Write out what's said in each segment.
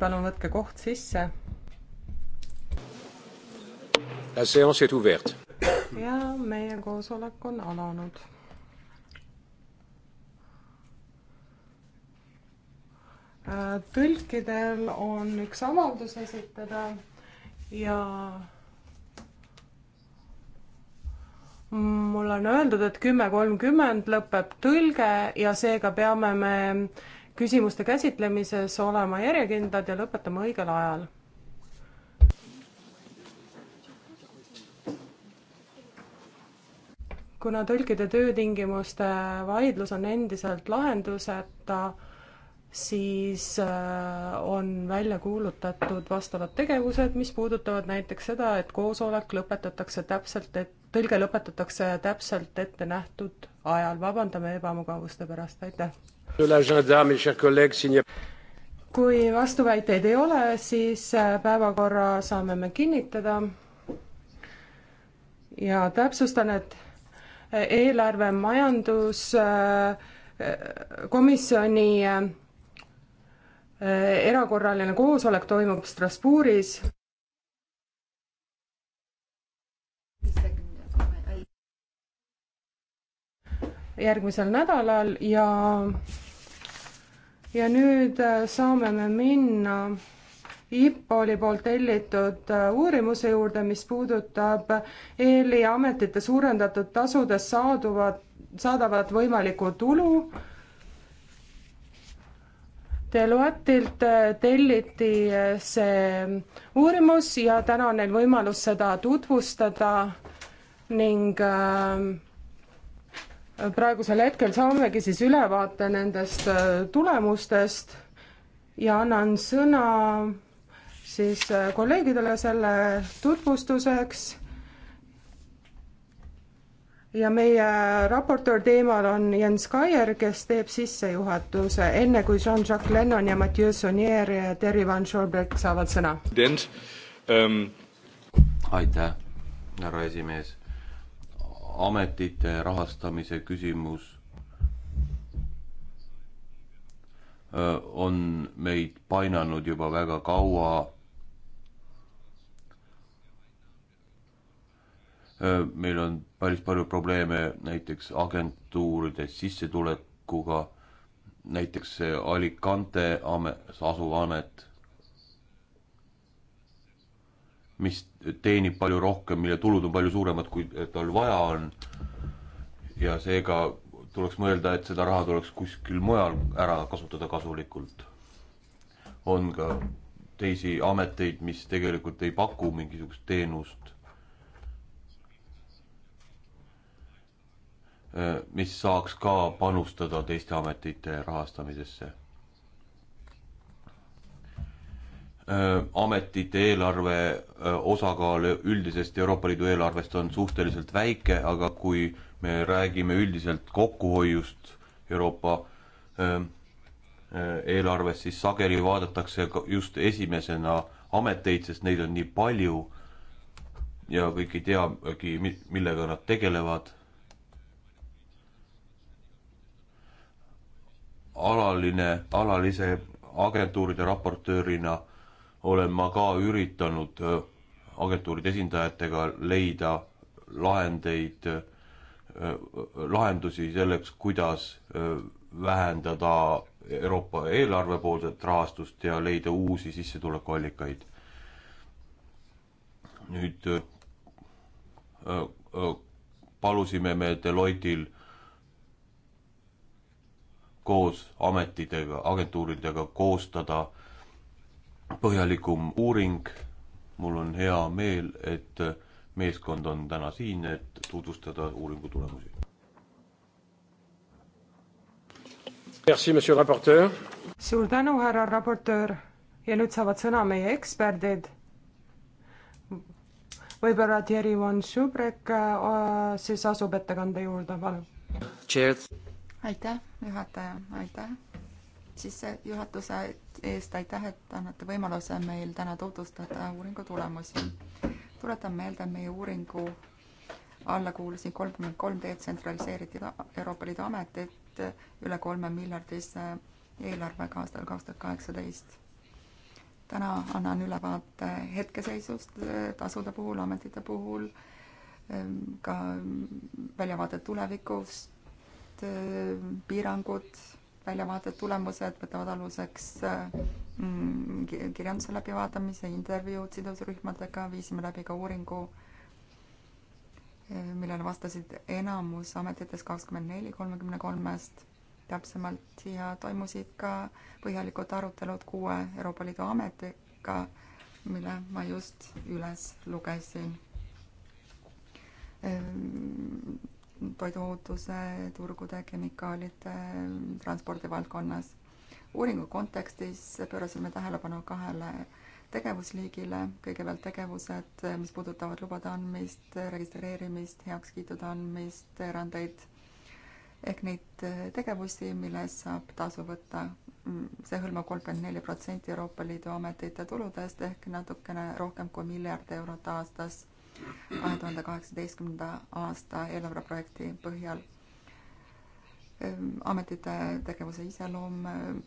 palun võtke koht sisse. ja meie koosolek on alanud. Äh, tõlkidel on üks avaldus esitada ja mulle on öeldud, et kümme kolmkümmend lõpeb tõlge ja seega peame me küsimuste käsitlemises olema järjekindlad ja lõpetama õigel ajal. kuna tõlkide töötingimuste vaidlus on endiselt lahenduseta, siis äh, on välja kuulutatud vastavad tegevused, mis puudutavad näiteks seda, et koosolek lõpetatakse täpselt, et tõlge lõpetatakse täpselt ette nähtud ajal. vabandame ebamugavuste pärast, aitäh! kui vastuväiteid ei ole, siis äh, päevakorra saame me kinnitada. ja täpsustan, et äh, eelarve majanduskomisjoni äh, erakorraline koosolek toimub Strasbourgis. järgmisel nädalal ja ja nüüd äh, saame me minna IPPOL-i poolt tellitud äh, uurimuse juurde, mis puudutab EL-i ametite suurendatud tasudest saaduvat, saadavat võimalikku tulu. Deloittilt äh, telliti see uurimus ja täna on neil võimalus seda tutvustada ning äh, praegusel hetkel saamegi siis ülevaate nendest äh, tulemustest ja annan sõna siis äh, kolleegidele selle tutvustuseks. ja meie raportöör teemal on Jens Kaier, kes teeb sissejuhatuse, enne kui Jean-Jacques Lennon ja Mathieu Sonnier ja Terry Van Scholberg saavad sõna. Ähm, aitäh, härra esimees ametite rahastamise küsimus on meid painanud juba väga kaua. meil on päris palju probleeme näiteks agentuuride sissetulekuga, näiteks see Alicante amet, asuv amet mis teenib palju rohkem, mille tulud on palju suuremad, kui tal vaja on. ja seega tuleks mõelda, et seda raha tuleks kuskil mujal ära kasutada kasulikult. on ka teisi ameteid, mis tegelikult ei paku mingisugust teenust, mis saaks ka panustada teiste ametite rahastamisesse ametite eelarve osakaal üldisest Euroopa Liidu eelarvest on suhteliselt väike, aga kui me räägime üldiselt kokkuhoiust Euroopa eelarves, siis sageli vaadatakse just esimesena ameteid, sest neid on nii palju ja kõik ei teagi, millega nad tegelevad. alaline, alalise agentuuride raportöörina olen ma ka üritanud äh, agentuuride esindajatega leida lahendeid, äh, lahendusi selleks, kuidas äh, vähendada Euroopa eelarvepoolset rahastust ja leida uusi sissetulekuallikaid. nüüd palusime me Deloitil koos ametitega, agentuuridega koostada äh, põhjalikum uuring. mul on hea meel, et meeskond on täna siin, et tutvustada uuringu tulemusi. Merci, monsieur raportöör. suur tänu, härra raportöör ja nüüd saavad sõna meie eksperdid. võib-olla Thierry von Schubrek äh, siis asub ettekande juurde, palun. aitäh, juhataja, aitäh sissejuhatuse eest, aitäh, et annate võimaluse meil täna tutvustada uuringu tulemusi. tuletan meelde meie uuringu alla kuulusid kolmkümmend kolm detsentraliseeritud Euroopa Liidu ametit üle kolme miljardise eelarvega aastal kaks tuhat kaheksateist. täna annan ülevaate hetkeseisust tasude puhul, ametite puhul, ka väljavaade tulevikust, piirangud väljavaated, tulemused võtavad aluseks äh, mm, kirjanduse läbivaatamise, intervjuud sidusrühmadega, viisime läbi ka uuringu, äh, millele vastasid enamus ametites kakskümmend neli kolmekümne kolmest täpsemalt ja toimusid ka põhjalikud arutelud kuue Euroopa Liidu ametiga, mille ma just üles lugesin äh, toiduohutuse, turgude, kemikaalide, transpordi valdkonnas. uuringu kontekstis pöörasime tähelepanu kahele tegevusliigile, kõigepealt tegevused, mis puudutavad lubade andmist, registreerimist, heakskiitude andmist, erandeid, ehk neid tegevusi, mille eest saab tasu võtta. see hõlmab kolmkümmend neli protsenti Euroopa Liidu ametite tuludest ehk natukene rohkem kui miljard eurot aastas kahe tuhande kaheksateistkümnenda aasta eelarveprojekti põhjal. Ehm, ametite tegevuse iseloom ehm,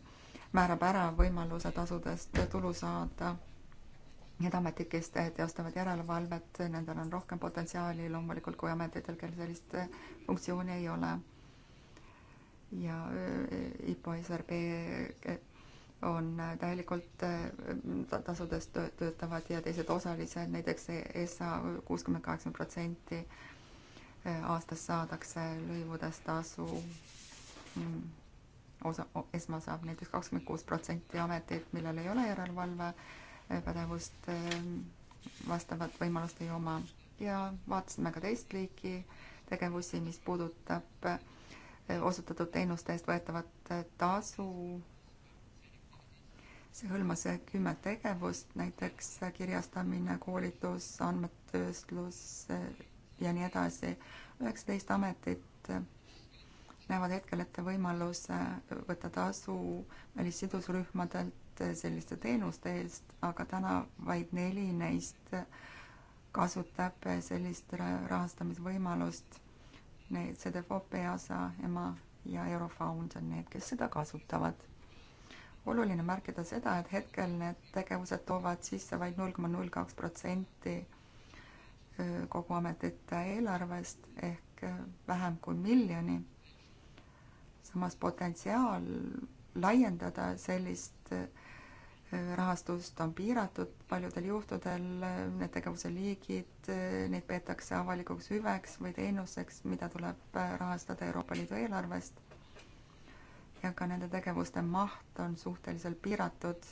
määrab ära võimaluse tasudest tulu saada. Need ametid, kes teostavad järelevalvet, nendel on rohkem potentsiaali loomulikult kui ametitel, kel sellist eh, funktsiooni ei ole. ja eh, IPO SRB eh, on äh, täielikult äh, tasudest töötavad ja teised osalised, näiteks ESA kuuskümmend kaheksa protsenti äh, aastas saadakse lõivudest tasu mm, osa, ESMA saab näiteks kakskümmend kuus protsenti ameteid, millel ei ole järelevalvepädevust, vastavat võimalust ei oma ja vaatasime ka teist liiki tegevusi, mis puudutab osutatud teenuste eest võetavat tasu see hõlmas kümme tegevust, näiteks kirjastamine, koolitus, andmetööstlus eh, ja nii edasi. üheksateist ametit näevad hetkel ette võimaluse võtta tasu välissidusrühmadelt selliste teenuste eest, aga täna vaid neli neist kasutab sellist rahastamisvõimalust. Need CDFOP, EASA, EMA ja Eurofound on need, kes seda kasutavad oluline märkida seda, et hetkel need tegevused toovad sisse vaid null koma null kaks protsenti kogu ametite eelarvest ehk vähem kui miljoni. samas potentsiaal laiendada sellist rahastust on piiratud, paljudel juhtudel need tegevuse liigid, neid peetakse avalikuks hüveks või teenuseks, mida tuleb rahastada Euroopa Liidu eelarvest ja ka nende tegevuste maht on suhteliselt piiratud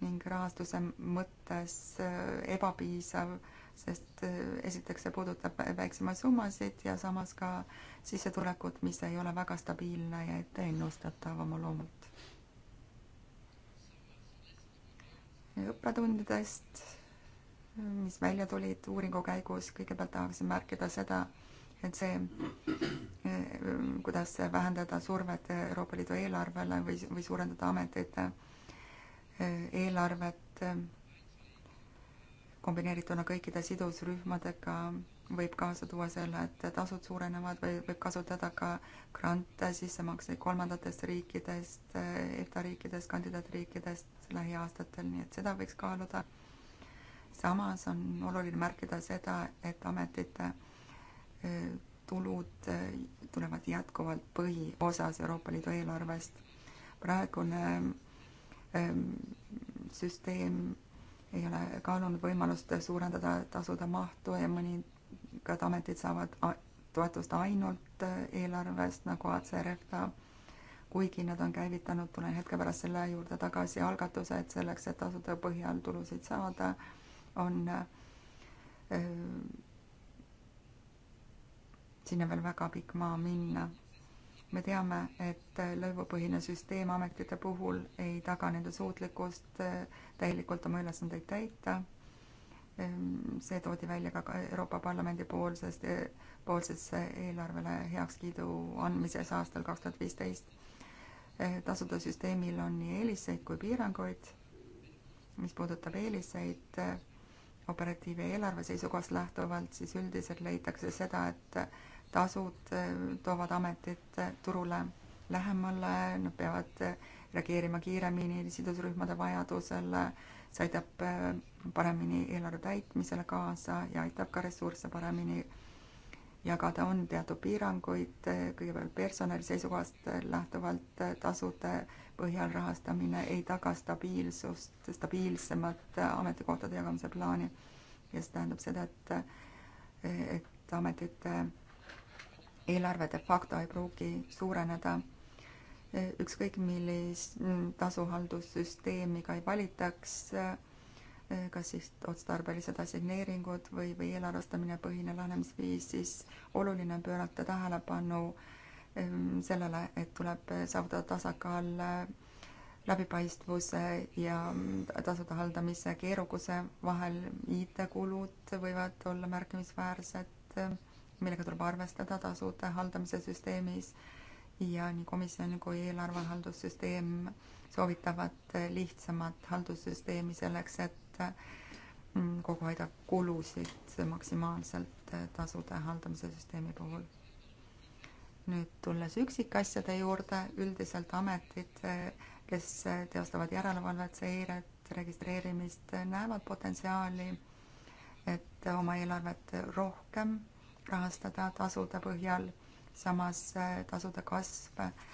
ning rahastuse mõttes äh, ebapiisav, sest äh, esiteks see puudutab väiksemaid summasid ja samas ka sissetulekut, mis ei ole väga stabiilne ja etteennustatav oma loomult. õppetundidest, mis välja tulid uuringu käigus, kõigepealt tahaksin märkida seda, et see, eh, kuidas vähendada survet Euroopa Liidu eelarvele või, või suurendada ametite eh, eelarvet eh, kombineerituna kõikide sidusrühmadega võib kaasa tuua selle, et tasud suurenevad või võib kasutada ka grante, sissemakseid kolmandatest riikidest, EFTA riikidest, kandidaatriikidest lähiaastatel, nii et seda võiks kaaluda. samas on oluline märkida seda, et ametite tulud eh, tulevad jätkuvalt põhiosas Euroopa Liidu eelarvest. praegune ehm, süsteem ei ole kaalunud võimalust suurendada tasude mahtu ja mõningad ametid saavad toetust ainult eh, eelarvest, nagu ACRF ka, kuigi nad on käivitanud, tulen hetke pärast selle juurde tagasi, algatused selleks, et tasude põhjal tulusid saada, on eh, sinna veel väga pikk maa minna. me teame, et lõivupõhine süsteem ametite puhul ei taga nende suutlikkust eh, täielikult oma ülesandeid täita. Ehm, see toodi välja ka Euroopa Parlamendi poolsest, eh, poolses eelarvele heakskiidu andmises aastal kaks tuhat viisteist. Eh, tasude süsteemil on nii eeliseid kui piiranguid. mis puudutab eeliseid operatiiv- ja eelarve seisukohast lähtuvalt, siis üldiselt leitakse seda, et tasud äh, toovad ametid äh, turule lähemale, nad peavad äh, reageerima kiiremini sidusrühmade vajadusele, see aitab paremini eelarve täitmisele kaasa ja aitab ka ressursse paremini jagada, on teatud piiranguid, kõigepealt personali seisukohast lähtuvalt tasude põhjal rahastamine ei taga stabiilsust, stabiilsemat ametikohtade jagamise plaani ja see tähendab seda, et, et ametite eelarve de facto ei pruugi suureneda. ükskõik millist tasuhaldussüsteemi ka ei valitaks, kas siis otstarbelised assigneeringud või, või eelarvestamine põhine lähenemisviis, siis oluline on pöörata tähelepanu ehm, sellele, et tuleb saavutada tasakaal läbipaistvuse ja mm, tasude haldamise keerukuse vahel. IT-kulud võivad olla märkimisväärsed ehm, millega tuleb arvestada tasude haldamise süsteemis ja nii komisjon kui eelarvehaldussüsteem soovitavad lihtsamat haldussüsteemi selleks, et mm, kogu aeg kulusid maksimaalselt tasude haldamise süsteemi puhul nüüd tulles üksikasjade juurde, üldiselt ametid, kes teostavad järelevalvet, seiret, registreerimist, näevad potentsiaali, et oma eelarvet rohkem rahastada tasude põhjal, samas äh, tasude kasv äh,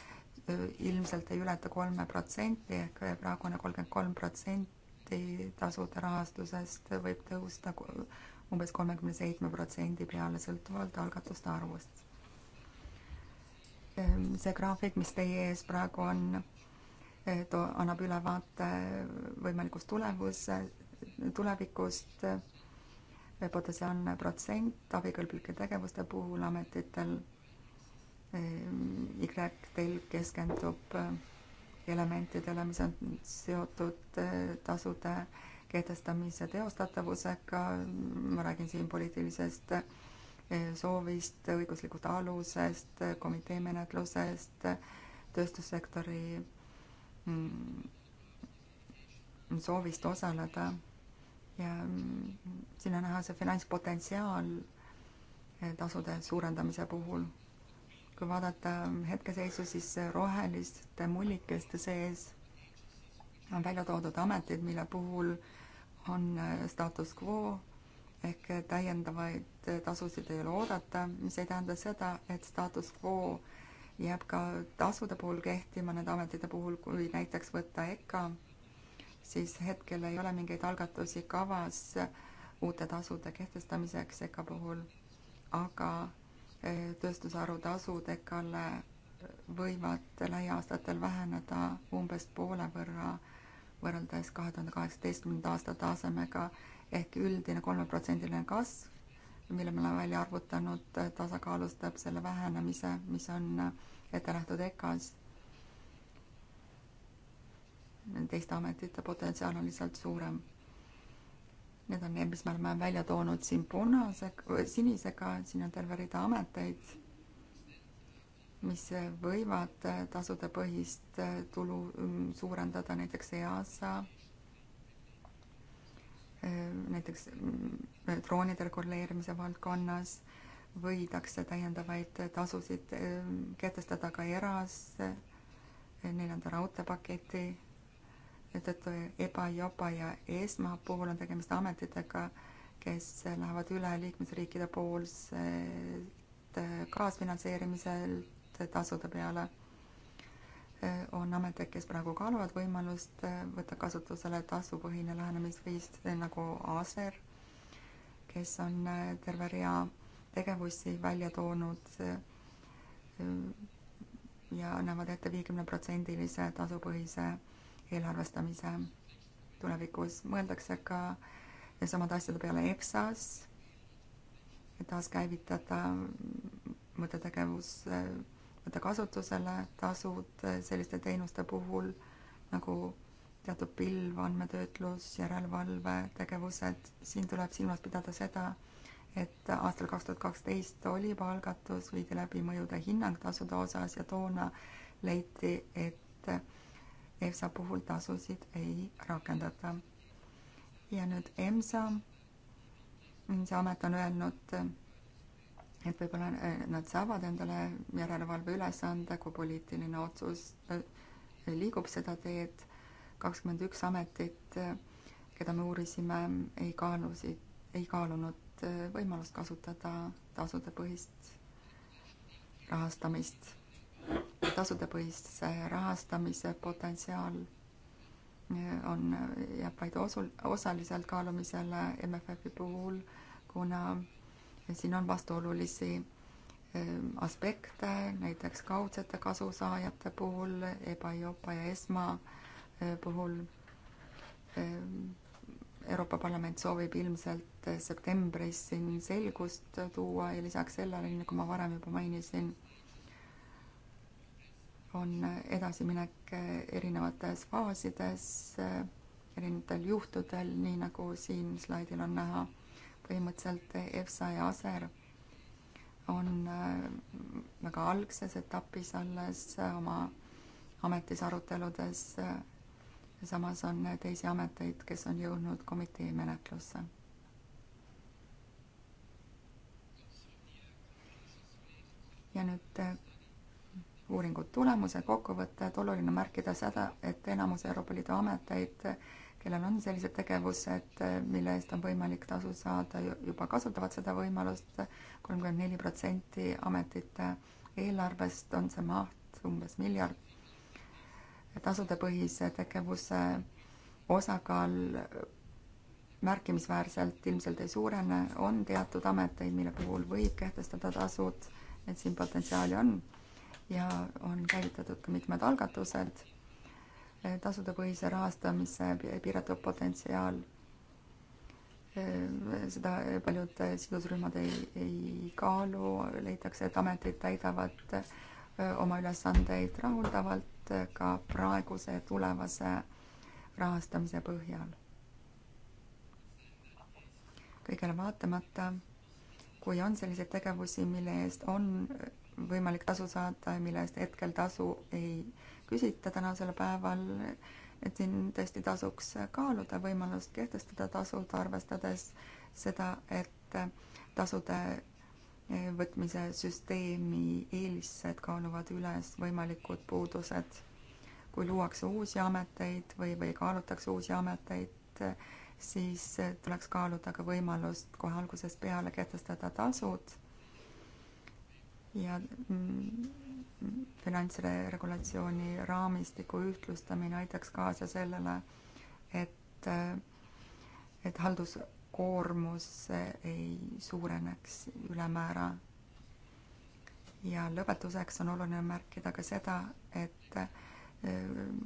ilmselt ei ületa kolme protsenti ehk äh, praegune kolmkümmend kolm protsenti tasude rahastusest võib tõusta umbes kolmekümne seitsme protsendi peale, sõltuvalt algatuste arvust. Ehm, see graafik, mis teie ees praegu on, too annab ülevaate võimalikust tulevus, tulevikust võib-olla see on protsent abikõlblike tegevuste puhul ametitel. Ehm, y telg keskendub äh, elementidele, mis on seotud äh, tasude kehtestamise teostatavusega, ma räägin siin poliitilisest äh, soovist, õiguslikust alusest, komitee menetlusest, tööstussektori mm, soovist osaleda ja mm, siin on näha see finantspotentsiaal eh, tasude suurendamise puhul. kui vaadata mm, hetkeseisu, siis roheliste mullikeste sees on välja toodud ametid, mille puhul on eh, status quo ehk täiendavaid eh, tasusid ei ole oodata, mis ei tähenda seda, et status quo jääb ka tasude puhul kehtima nende ametite puhul, kui näiteks võtta EKA siis hetkel ei ole mingeid algatusi kavas uute tasude kehtestamiseks EKA puhul, aga eh, tööstusharu tasud EKA-le võivad lähiaastatel väheneda umbes poole võrra võrreldes kahe tuhande kaheksateistkümnenda aasta tasemega ehk üldine kolmeprotsendiline kasv, mille me oleme välja arvutanud, eh, tasakaalustab selle vähenemise, mis on eh, ette nähtud EKA-s teiste ametite potentsiaal on lihtsalt suurem. Need on need, mis me oleme välja toonud siin punase, sinisega, siin on terve rida ameteid, mis võivad tasude põhist tulu mm, suurendada, näiteks EASA, äh, näiteks mm, droonide reguleerimise valdkonnas võidakse täiendavaid tasusid äh, kehtestada ka ERAS, neljanda raudteepaketi seetõttu EBA, JOPA ja ESMA puhul on tegemist ametitega, kes lähevad üle liikmesriikide poolselt äh, kaasfinantseerimiselt tasude peale. Äh, on ametid, kes praegu kaaluvad võimalust äh, võtta kasutusele tasupõhine lähenemisviis nagu ASER, kes on terve rea tegevusi välja toonud ja annavad ette viiekümne protsendilise tasupõhise eelarvestamise tulevikus. mõeldakse ka samade asjade peale EFSA-s, taaskäivitada mõttetegevus, võtta kasutusele tasud selliste teenuste puhul nagu teatud pilv, andmetöötlus, järelevalve, tegevused. siin tuleb silmas pidada seda, et aastal kaks tuhat kaksteist oli juba algatus, viidi läbi mõjude hinnang tasude osas ja toona leiti, et EFSA puhul tasusid ei rakendata. ja nüüd EMSA, see amet on öelnud, et võib-olla äh, nad saavad endale järelevalve ülesande, kui poliitiline otsus äh, liigub seda teed. kakskümmend üks ametit, keda me uurisime, ei kaalusid, ei kaalunud äh, võimalust kasutada tasudepõhist rahastamist tasudepõhise rahastamise potentsiaal eh, on, jääb vaid osul, osaliselt kaalumisele MFF-i puhul, kuna siin on vastuolulisi eh, aspekte, näiteks kaudsete kasusaajate puhul, EBA, EIOPA ja ESMA eh, puhul. Euroopa Parlament soovib ilmselt septembris siin selgust tuua ja lisaks sellele, nii nagu ma varem juba mainisin, on edasiminek erinevates faasides, erinevatel juhtudel, nii nagu siin slaidil on näha. põhimõtteliselt EFSA ja ASER on äh, väga algses etapis alles oma ametis aruteludes. samas on teisi ameteid, kes on jõudnud komitee menetlusse ja nüüd äh, uuringu tulemused, kokkuvõtted, oluline märkida seda, et enamus Euroopa Liidu ameteid, kellel on sellised tegevused, mille eest on võimalik tasu saada, juba kasutavad seda võimalust, kolmkümmend neli protsenti ametite eelarvest on see maht umbes miljard. tasudepõhise tegevuse osakaal märkimisväärselt ilmselt ei suurene, on teatud ameteid, mille puhul võib kehtestada tasud, et siin potentsiaali on ja on käivitatud ka mitmed algatused, eh, tasudepõhise rahastamise piiratud potentsiaal. Eh, seda eh, paljud sidusrühmad ei, ei kaalu, leitakse, et ametid täidavad oma ülesandeid rahuldavalt ka praeguse tulevase rahastamise põhjal. kõigele vaatamata, kui on selliseid tegevusi, mille eest on võimalik tasu saada ja mille eest hetkel tasu ei küsita tänasel päeval, et siin tõesti tasuks kaaluda võimalust kehtestada tasud, arvestades seda, et tasude võtmise süsteemi eelised kaaluvad üles võimalikud puudused. kui luuakse uusi ameteid või, või kaalutakse uusi ameteid, siis tuleks kaaluda ka võimalust kohe algusest peale kehtestada tasud ja mm, finantsregulatsiooni raamistiku ühtlustamine aitaks kaasa sellele, et, et halduskoormus ei suureneks ülemäära. ja lõpetuseks on oluline märkida ka seda, et e,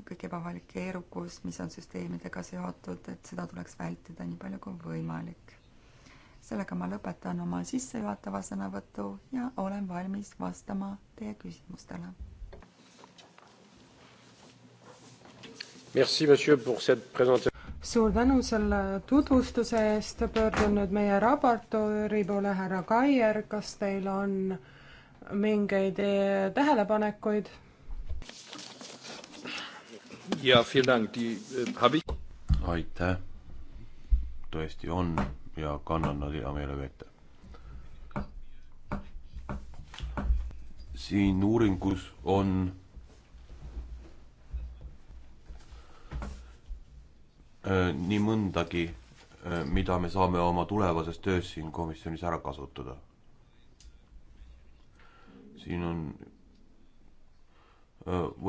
kõik ebavajalik keerukus, mis on süsteemidega seotud, et seda tuleks vältida nii palju kui võimalik sellega ma lõpetan oma sissejuhatava sõnavõtu ja olen valmis vastama teie küsimustele. suur tänu selle tutvustuse eest, pöördun nüüd meie raportööri poole, härra Kaier, kas teil on mingeid tähelepanekuid? jaa, äh, aitäh, tõesti on ja kannan nad hea meelega ette. siin uuringus on äh, nii mõndagi, äh, mida me saame oma tulevases töös siin komisjonis ära kasutada. siin on äh,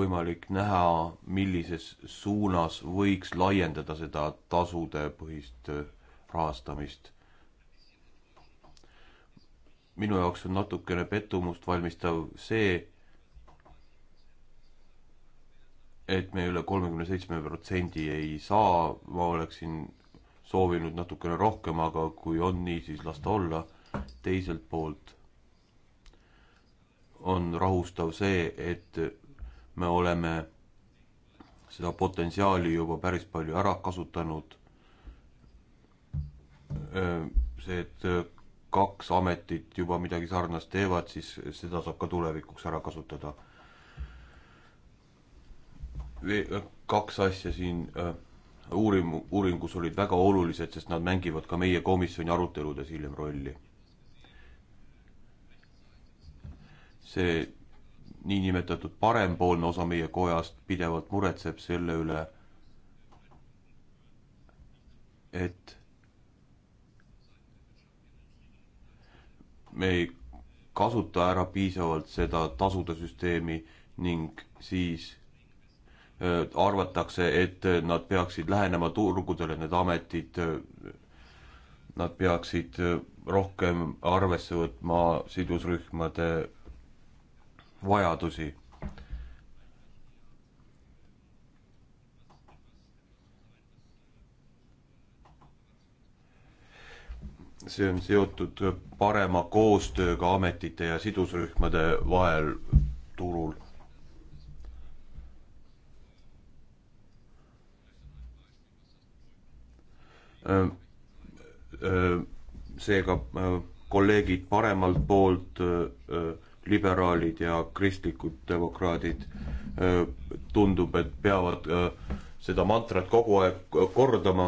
võimalik näha, millises suunas võiks laiendada seda tasudepõhist rahastamist. minu jaoks on natukene pettumust valmistav see, et me üle kolmekümne seitsme protsendi ei saa, ma oleksin soovinud natukene rohkem, aga kui on nii, siis las ta olla. teiselt poolt on rahustav see, et me oleme seda potentsiaali juba päris palju ära kasutanud see, et kaks ametit juba midagi sarnast teevad, siis seda saab ka tulevikuks ära kasutada. kaks asja siin uurim-, uuringus olid väga olulised, sest nad mängivad ka meie komisjoni aruteludes hiljem rolli. see niinimetatud parempoolne osa meie kojast pidevalt muretseb selle üle, et me ei kasuta ära piisavalt seda tasude süsteemi ning siis arvatakse, et nad peaksid lähenema turgudele, need ametid, nad peaksid rohkem arvesse võtma sidusrühmade vajadusi. see on seotud parema koostööga ametite ja sidusrühmade vahel turul. Äh, äh, seega äh, kolleegid paremalt poolt, liberaalid ja kristlikud demokraadid tundub, et peavad seda mantrat kogu aeg kordama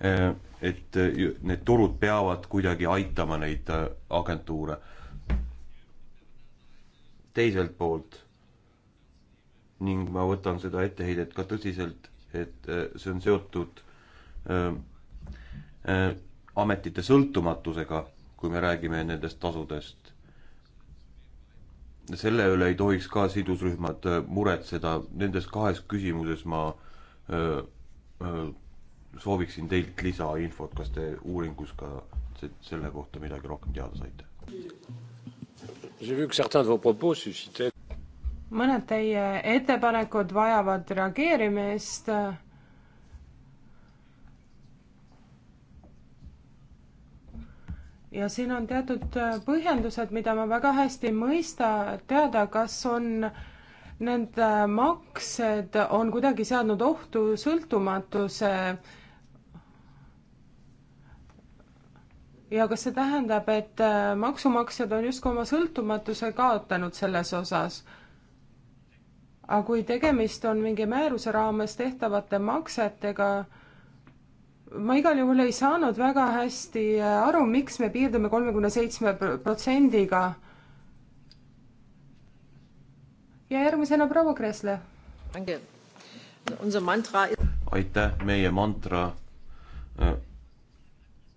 Eh, et eh, need turud peavad kuidagi aitama neid eh, agentuure. teiselt poolt ning ma võtan seda etteheidet ka tõsiselt, et see on seotud ametite sõltumatusega, kui me räägime nendest tasudest. selle üle ei tohiks ka sidusrühmad muretseda, nendes kahes küsimuses ma öö, öö, sooviksin teilt lisainfot, kas te uuringus ka selle kohta midagi rohkem teada saite? mõned teie ettepanekud vajavad reageerimist. ja siin on teatud põhjendused, mida ma väga hästi ei mõista, et teada, kas on äh, need äh, maksed on kuidagi seadnud ohtu sõltumatuse. ja kas see tähendab, et äh, maksumaksjad on justkui oma sõltumatuse kaotanud selles osas? aga kui tegemist on mingi määruse raames tehtavate maksetega, ma igal juhul ei saanud väga hästi äh, aru, miks me piirdume kolmekümne seitsme protsendiga ja järgmisena proua Kressle. aitäh, meie mantra äh,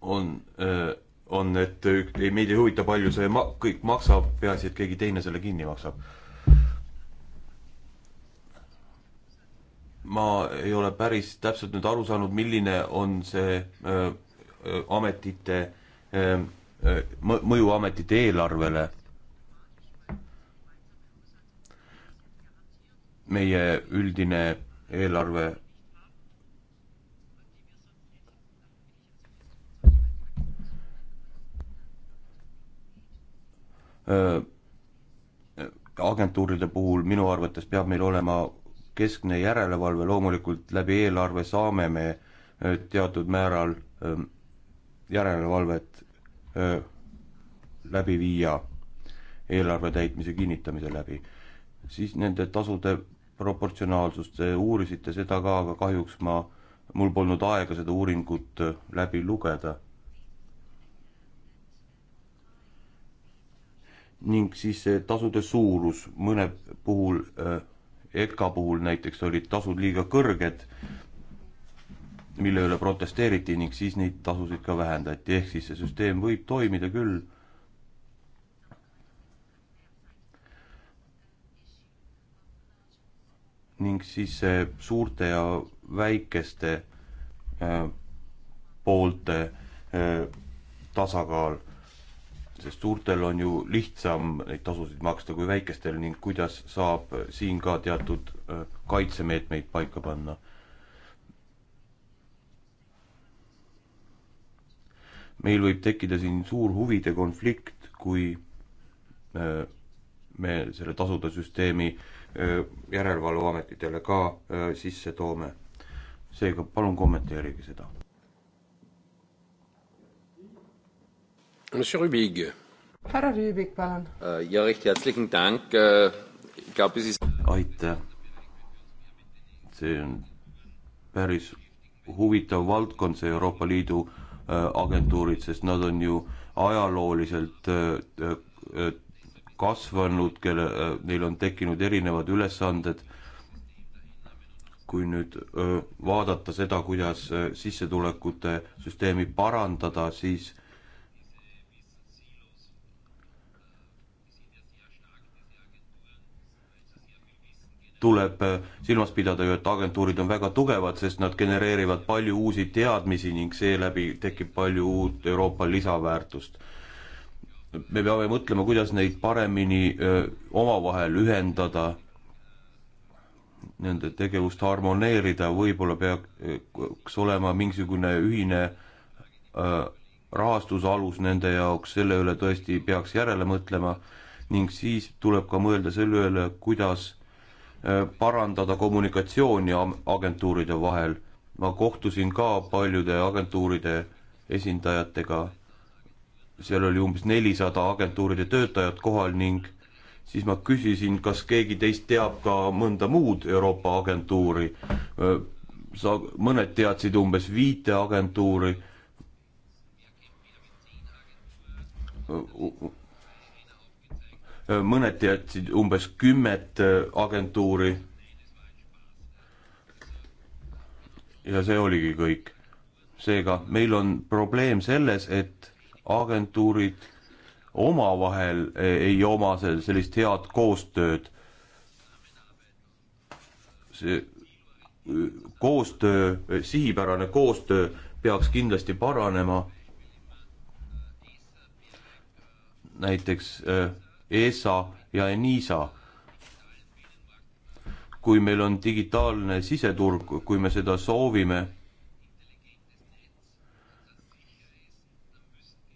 on, äh, on, et ei, meid ei huvita, palju see ma-, kõik maksab, peaasi, et keegi teine selle kinni maksab. ma ei ole päris täpselt nüüd aru saanud, milline on see öö, äh, ametite, mõju ametite eelarvele meie üldine eelarve äh, agentuuride puhul minu arvates peab meil olema keskne järelevalve, loomulikult läbi eelarve saame me äh, teatud määral ähm, järelevalvet äh, läbi viia eelarve täitmise kinnitamise läbi, siis nende tasude proportsionaalsust, te uurisite seda ka, aga kahjuks ma, mul polnud aega seda uuringut äh, läbi lugeda. ning siis see tasude suurus, mõne puhul, äh, EKA puhul näiteks olid tasud liiga kõrged, mille üle protesteeriti ning siis neid tasusid ka vähendati, ehk siis see süsteem võib toimida küll ning siis see suurte ja väikeste äh, poolte äh, tasakaal, sest suurtel on ju lihtsam neid tasusid maksta kui väikestel ning kuidas saab äh, siin ka teatud äh, kaitsemeetmeid paika panna. meil võib tekkida siin suur huvide konflikt, kui äh, me selle tasude süsteemi äh, järelevalveametitele ka sisse toome. seega palun kommenteerige seda. härra Rüübik, palun. aitäh. see on päris huvitav valdkond, see Euroopa Liidu agentuurid, sest nad on ju ajalooliselt kasvanud, kelle, äh, neil on tekkinud erinevad ülesanded. kui nüüd öö, äh, vaadata seda, kuidas äh, sissetulekute süsteemi parandada, siis tuleb silmas pidada ju, et agentuurid on väga tugevad, sest nad genereerivad palju uusi teadmisi ning seeläbi tekib palju uut Euroopa lisaväärtust me peame mõtlema, kuidas neid paremini omavahel ühendada, nende tegevust harmoneerida, võib-olla peaks olema mingisugune ühine rahastusalus nende jaoks, selle üle tõesti peaks järele mõtlema ning siis tuleb ka mõelda selle üle, kuidas parandada kommunikatsiooni agentuuride vahel. ma kohtusin ka paljude agentuuride esindajatega seal oli umbes nelisada agentuuride töötajat kohal ning siis ma küsisin, kas keegi teist teab ka mõnda muud Euroopa agentuuri. sa, mõned teadsid umbes viite agentuuri. mõned teadsid umbes kümmet agentuuri. ja see oligi kõik. seega meil on probleem selles, et agentuurid omavahel e, ei oma seal sellist head koostööd. see e, koostöö, e, sihipärane koostöö peaks kindlasti paranema. näiteks ESA ja ENISA. kui meil on digitaalne siseturg, kui me seda soovime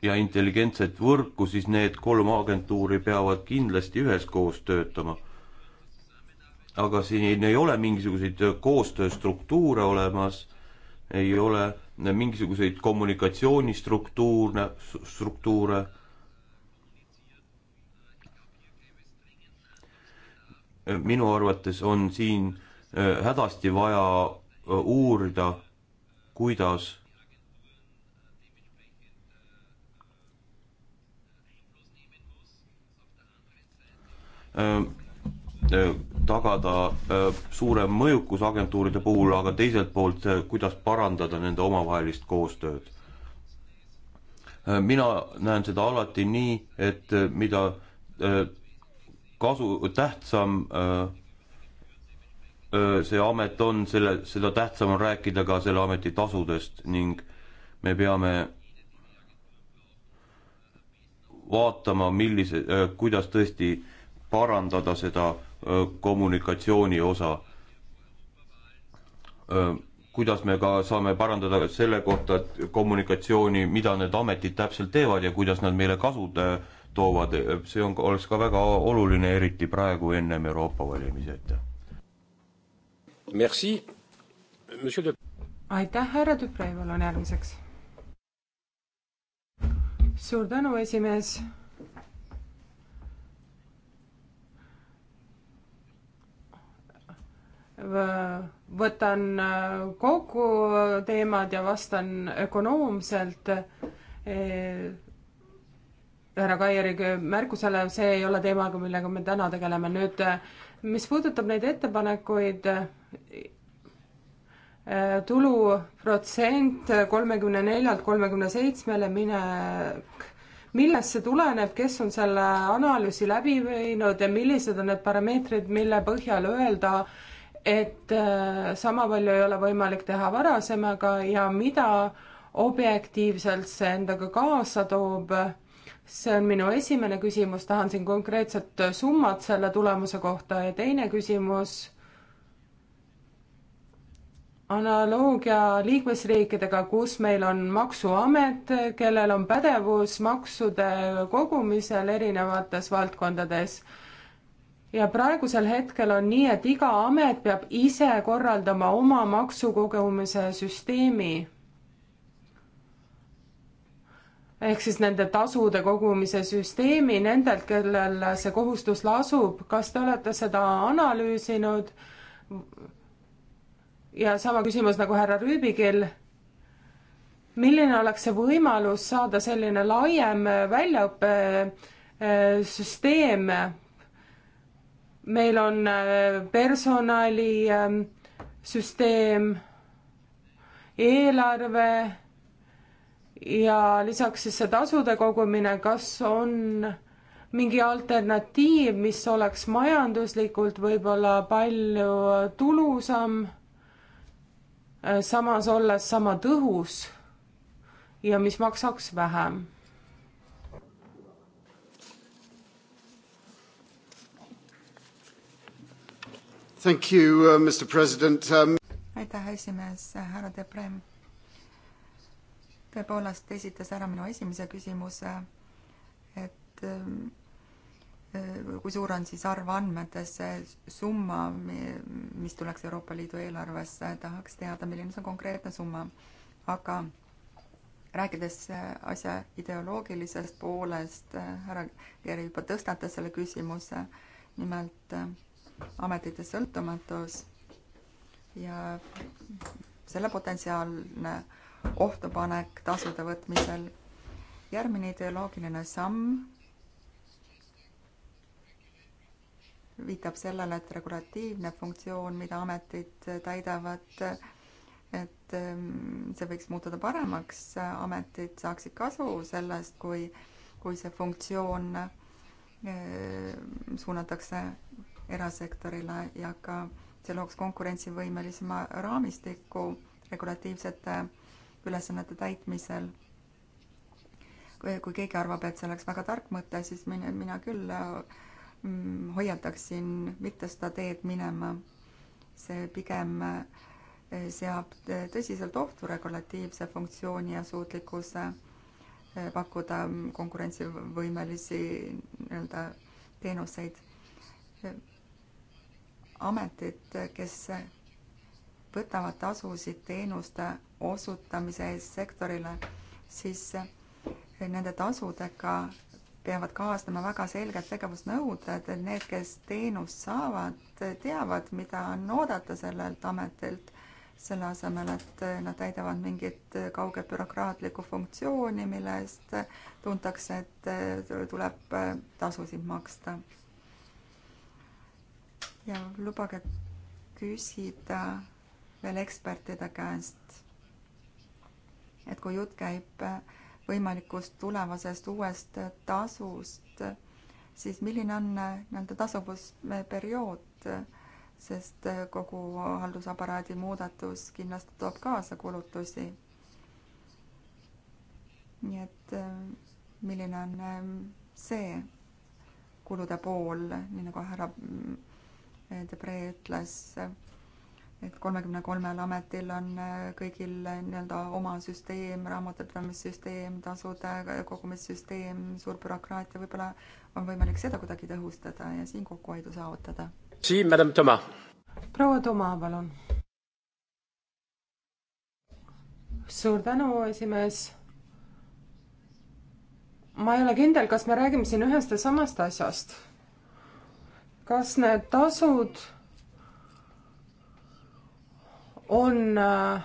ja intelligentset võrku, siis need kolm agentuuri peavad kindlasti üheskoos töötama. aga siin ei ole mingisuguseid koostööstruktuure olemas, ei ole mingisuguseid kommunikatsioonistruktuure, struktuure. minu arvates on siin äh, hädasti vaja äh, uurida, kuidas Äh, äh, tagada äh, suurem mõjukus agentuuride puhul, aga teiselt poolt, kuidas parandada nende omavahelist koostööd. mina näen seda alati nii, et mida kasu, tähtsam see amet on, selle, seda tähtsam on rääkida ka selle ameti tasudest ning me peame vaatama, millise, kuidas tõesti parandada seda kommunikatsiooni osa. kuidas me ka saame parandada selle kohta, et kommunikatsiooni, mida need ametid täpselt teevad ja kuidas nad meile kasu toovad, see on, oleks ka väga oluline, eriti praegu ennem Euroopa valimisi, aitäh. Merci, monsieur de. aitäh, härra Dupree, palun järgmiseks. suur tänu, esimees võtan äh, kokku äh, teemad ja vastan ökonoomselt äh, härra Kaieri märkusele, see ei ole teemaga, millega me täna tegeleme. nüüd, mis puudutab neid ettepanekuid, tuluprotsent kolmekümne neljalt kolmekümne seitsmele minek, millest see tuleneb, kes on selle analüüsi läbi viinud ja millised on need parameetrid, mille põhjal öelda, et äh, sama palju ei ole võimalik teha varasemaga ja mida objektiivselt see endaga kaasa toob, see on minu esimene küsimus, tahan siin konkreetset summat selle tulemuse kohta ja teine küsimus, analoogia liikmesriikidega, kus meil on Maksuamet, kellel on pädevus maksude kogumisel erinevates valdkondades ja praegusel hetkel on nii, et iga amet peab ise korraldama oma maksukogumise süsteemi. ehk siis nende tasude kogumise süsteemi nendelt, kellel see kohustus lasub, kas te olete seda analüüsinud? ja sama küsimus nagu härra Rüübikil. milline oleks see võimalus saada selline laiem väljaõppesüsteem? meil on äh, personalisüsteem, ähm, eelarve ja lisaks siis see tasude kogumine, kas on mingi alternatiiv, mis oleks majanduslikult võib-olla palju tulusam, äh, samas olles sama tõhus ja mis maksaks vähem Thank you, uh, Mr President um.... aitäh, esimees härra Debrem. tõepoolest esitas ära minu esimese küsimuse, et um, kui suur on siis arvandmetes see summa, mis tuleks Euroopa Liidu eelarvesse, tahaks teada, milline see on konkreetne summa. aga rääkides asja ideoloogilisest poolest, härra Geri juba tõstatas selle küsimuse, nimelt äh, ametite sõltumatus ja selle potentsiaalne ohtupanek tasude võtmisel. järgmine ideoloogiline samm viitab sellele, et regulatiivne funktsioon, mida ametid täidavad, et ähm, see võiks muutuda paremaks, ametid saaksid kasu sellest, kui, kui see funktsioon äh, suunatakse erasektorile ja ka see looks konkurentsivõimelisema raamistiku regulatiivsete ülesannete täitmisel. kui keegi arvab, et see oleks väga tark mõte, siis mina, mina küll mm, hoiataksin mitte seda teed minema. see pigem eh, seab tõsiselt ohtu regulatiivse funktsiooni ja suutlikkuse eh, pakkuda konkurentsivõimelisi nii-öelda teenuseid ametit, kes võtavad tasusid teenuste osutamise eest sektorile, siis nende tasudega peavad kaasnema väga selged tegevusnõuded, et need, kes teenust saavad, teavad, mida on oodata sellelt ametilt, selle asemel, et nad täidavad mingit kauget bürokraatlikku funktsiooni, mille eest tuntakse, et tuleb tasusid maksta ja lubage küsida veel ekspertide käest, et kui jutt käib võimalikust tulevasest uuest tasust, siis milline on nii-öelda tasuvusperiood, sest kogu haldusaparaadi muudatus kindlasti toob kaasa kulutusi. nii et milline on see kulude pool, nii nagu härra Debre ütles, et kolmekümne kolmel ametil on äh, kõigil äh, nii-öelda oma süsteem, raamatupidamissüsteem, tasude kogumissüsteem, suur bürokraatia, võib-olla on võimalik seda kuidagi tõhustada ja siin kokkuhoidu saavutada. siin, madam Toma. proua Toma, palun. suur tänu, esimees. ma ei ole kindel, kas me räägime siin ühest ja samast asjast kas need tasud on äh,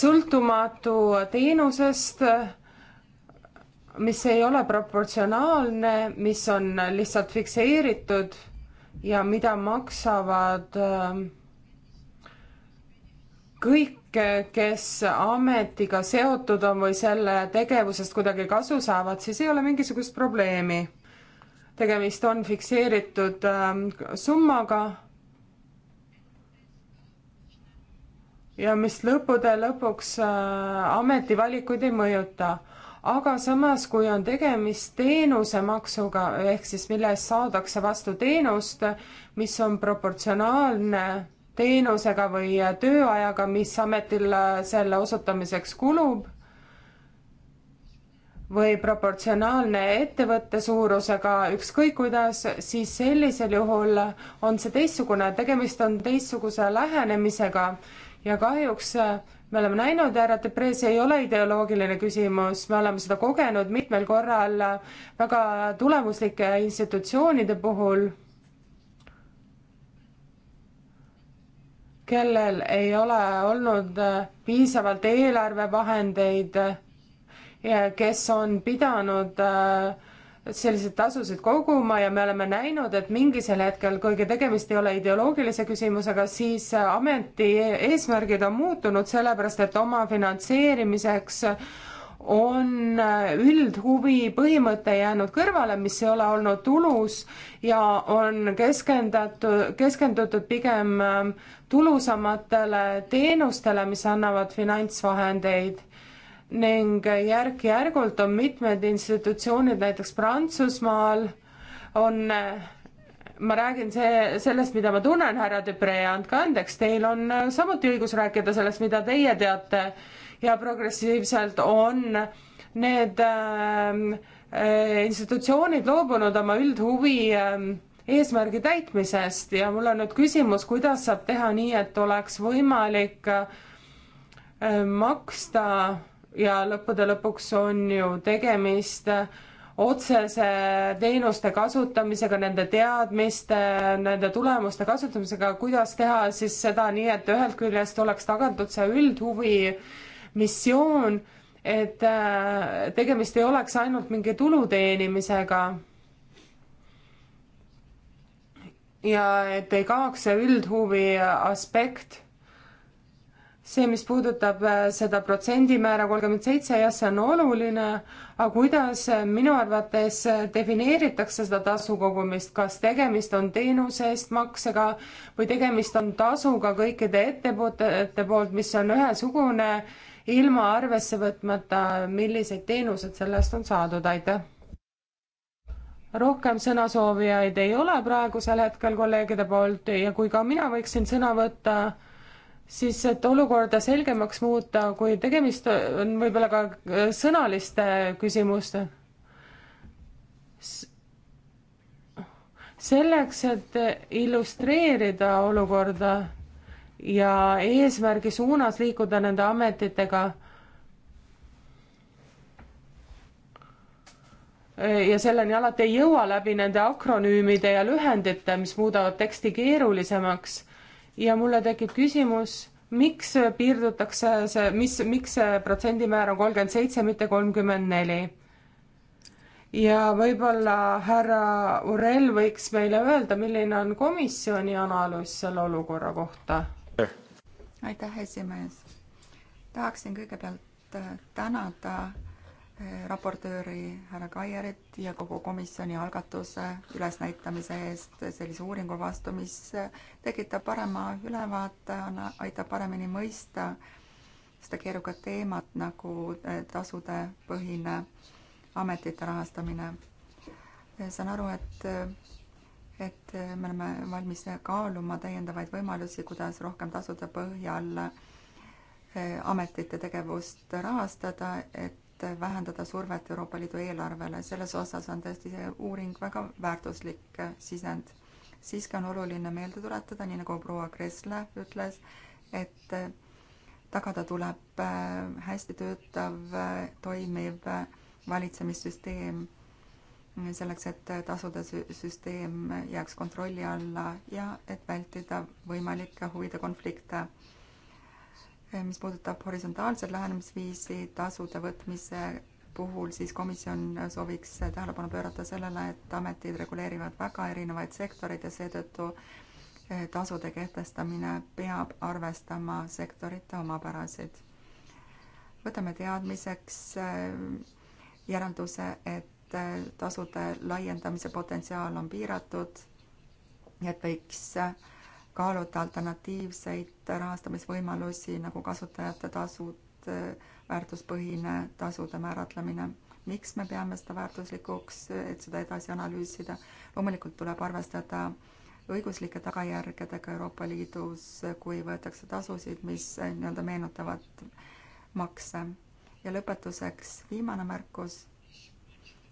sõltumatu teenusest, mis ei ole proportsionaalne, mis on lihtsalt fikseeritud ja mida maksavad äh, kõik, kes ametiga seotud on või selle tegevusest kuidagi kasu saavad, siis ei ole mingisugust probleemi tegemist on fikseeritud ähm, summaga ja mis lõppude lõpuks äh, ametivalikuid ei mõjuta. aga samas, kui on tegemist teenusemaksuga ehk siis mille eest saadakse vastu teenust, mis on proportsionaalne teenusega või äh, tööajaga, mis ametil äh, selle osutamiseks kulub või proportsionaalne ettevõtte suurusega, ükskõik kuidas, siis sellisel juhul on see teistsugune, tegemist on teistsuguse lähenemisega ja kahjuks äh, me oleme näinud, härra Depress ei ole ideoloogiline küsimus, me oleme seda kogenud mitmel korral äh, väga tulemuslike institutsioonide puhul kellel ei ole olnud äh, piisavalt eelarvevahendeid kes on pidanud äh, selliseid tasusid koguma ja me oleme näinud, et mingisel hetkel, kuigi tegemist ei ole ideoloogilise küsimusega, siis äh, ameti e-, eesmärgid on muutunud, sellepärast et oma finantseerimiseks on äh, üldhuvi põhimõte jäänud kõrvale, mis ei ole olnud tulus ja on keskendatud, keskendutud pigem tulusamatele teenustele, mis annavad finantsvahendeid ning järk-järgult on mitmed institutsioonid, näiteks Prantsusmaal on, ma räägin see, sellest, mida ma tunnen, härra Dupre, andke andeks, teil on samuti õigus rääkida sellest, mida teie teate ja progressiivselt on need ähm, äh, institutsioonid loobunud oma üldhuvi äh, eesmärgi täitmisest ja mul on nüüd küsimus, kuidas saab teha nii, et oleks võimalik äh, maksta äh, ja lõppude lõpuks on ju tegemist otsese teenuste kasutamisega, nende teadmiste, nende tulemuste kasutamisega, kuidas teha siis seda nii, et ühest küljest oleks tagatud see üldhuvi missioon, et äh, tegemist ei oleks ainult mingi tulu teenimisega ja et ei kaoks see üldhuvi aspekt see, mis puudutab äh, seda protsendimäära kolmkümmend seitse, jah, see on oluline, aga kuidas äh, minu arvates äh, defineeritakse seda tasu kogumist, kas tegemist on teenuse eest maksega või tegemist on tasuga kõikide ettevõtete poolt, mis on ühesugune, ilma arvesse võtmata, milliseid teenuseid selle eest on saadud, aitäh! rohkem sõnasoovijaid ei ole praegusel hetkel kolleegide poolt ja kui ka mina võiksin sõna võtta, siis et olukorda selgemaks muuta, kui tegemist on võib-olla ka äh, sõnaliste küsimuste. selleks, et illustreerida olukorda ja eesmärgi suunas liikuda nende ametitega äh, ja selleni alati ei jõua läbi nende akronüümide ja lühendite, mis muudavad teksti keerulisemaks ja mulle tekib küsimus, miks piirdutakse see, mis, miks see protsendimäär on kolmkümmend seitse, mitte kolmkümmend neli? ja võib-olla härra Urel võiks meile öelda, milline on komisjoni analüüs selle olukorra kohta? aitäh, esimees. tahaksin kõigepealt äh, tänada raportööri härra Kaierit ja kogu komisjoni algatuse ülesnäitamise eest sellise uuringu vastu, mis tekitab parema ülevaate, aitab paremini mõista seda keerukat teemat nagu eh, tasude põhine ametite rahastamine. saan aru, et, et me oleme valmis kaaluma täiendavaid võimalusi, kuidas rohkem tasude põhjal eh, ametite tegevust rahastada, et et vähendada survet Euroopa Liidu eelarvele, selles osas on tõesti see uuring väga väärtuslik eh, sisend. siiski on oluline meelde tuletada, nii nagu proua Kressle ütles, et eh, tagada tuleb eh, hästi töötav, toimiv valitsemissüsteem, selleks et tasude süsteem jääks kontrolli alla ja et vältida võimalikke huvide konflikte Eh, mis puudutab horisontaalset lähenemisviisi tasude võtmise puhul, siis komisjon eh, sooviks eh, tähelepanu pöörata sellele, et ametid reguleerivad väga erinevaid sektoreid ja seetõttu tasude kehtestamine peab arvestama sektorite omapärasid. võtame teadmiseks järelduse, et tasude laiendamise potentsiaal on piiratud, et võiks kaaluda alternatiivseid rahastamisvõimalusi nagu kasutajate tasud, väärtuspõhine tasude määratlemine. miks me peame seda väärtuslikuks, et seda edasi analüüsida? loomulikult tuleb arvestada õiguslike tagajärgedega Euroopa Liidus, kui võetakse tasusid, mis nii-öelda meenutavad makse. ja lõpetuseks viimane märkus,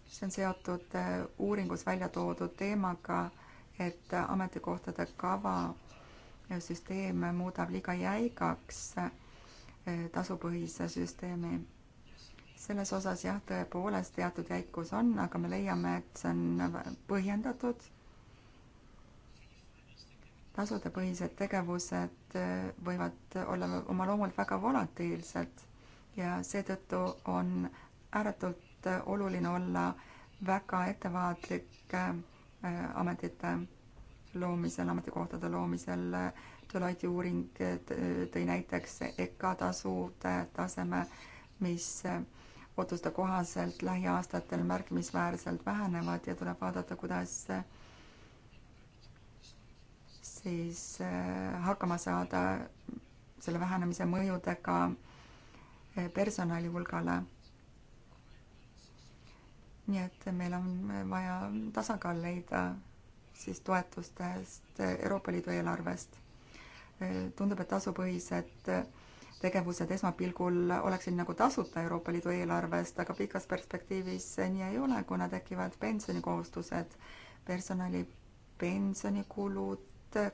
see on seotud äh, uuringus välja toodud teemaga, et ametikohtade kava süsteem muudab liiga jäigaks eh, tasupõhise süsteemi. selles osas jah, tõepoolest teatud jäikus on, aga me leiame, et see on põhjendatud. tasudepõhised tegevused eh, võivad olla oma loomult väga volatiilsed ja seetõttu on ääretult oluline olla väga ettevaatlik eh, ametite loomisel, ametikohtade loomisel, Deloitte uuring tõi näiteks EKA tasude taseme, mis ootuste kohaselt lähiaastatel märkimisväärselt vähenevad ja tuleb vaadata, kuidas siis äh, hakkama saada selle vähenemise mõjudega äh, personali hulgale nii et meil on vaja tasakaal leida siis toetustest eh, Euroopa Liidu eelarvest. Eh, tundub, et tasupõhised eh, tegevused esmapilgul oleksid nagu tasuta Euroopa Liidu eelarvest, aga pikas perspektiivis nii ei ole, kuna tekivad pensionikohustused, personali pensionikulud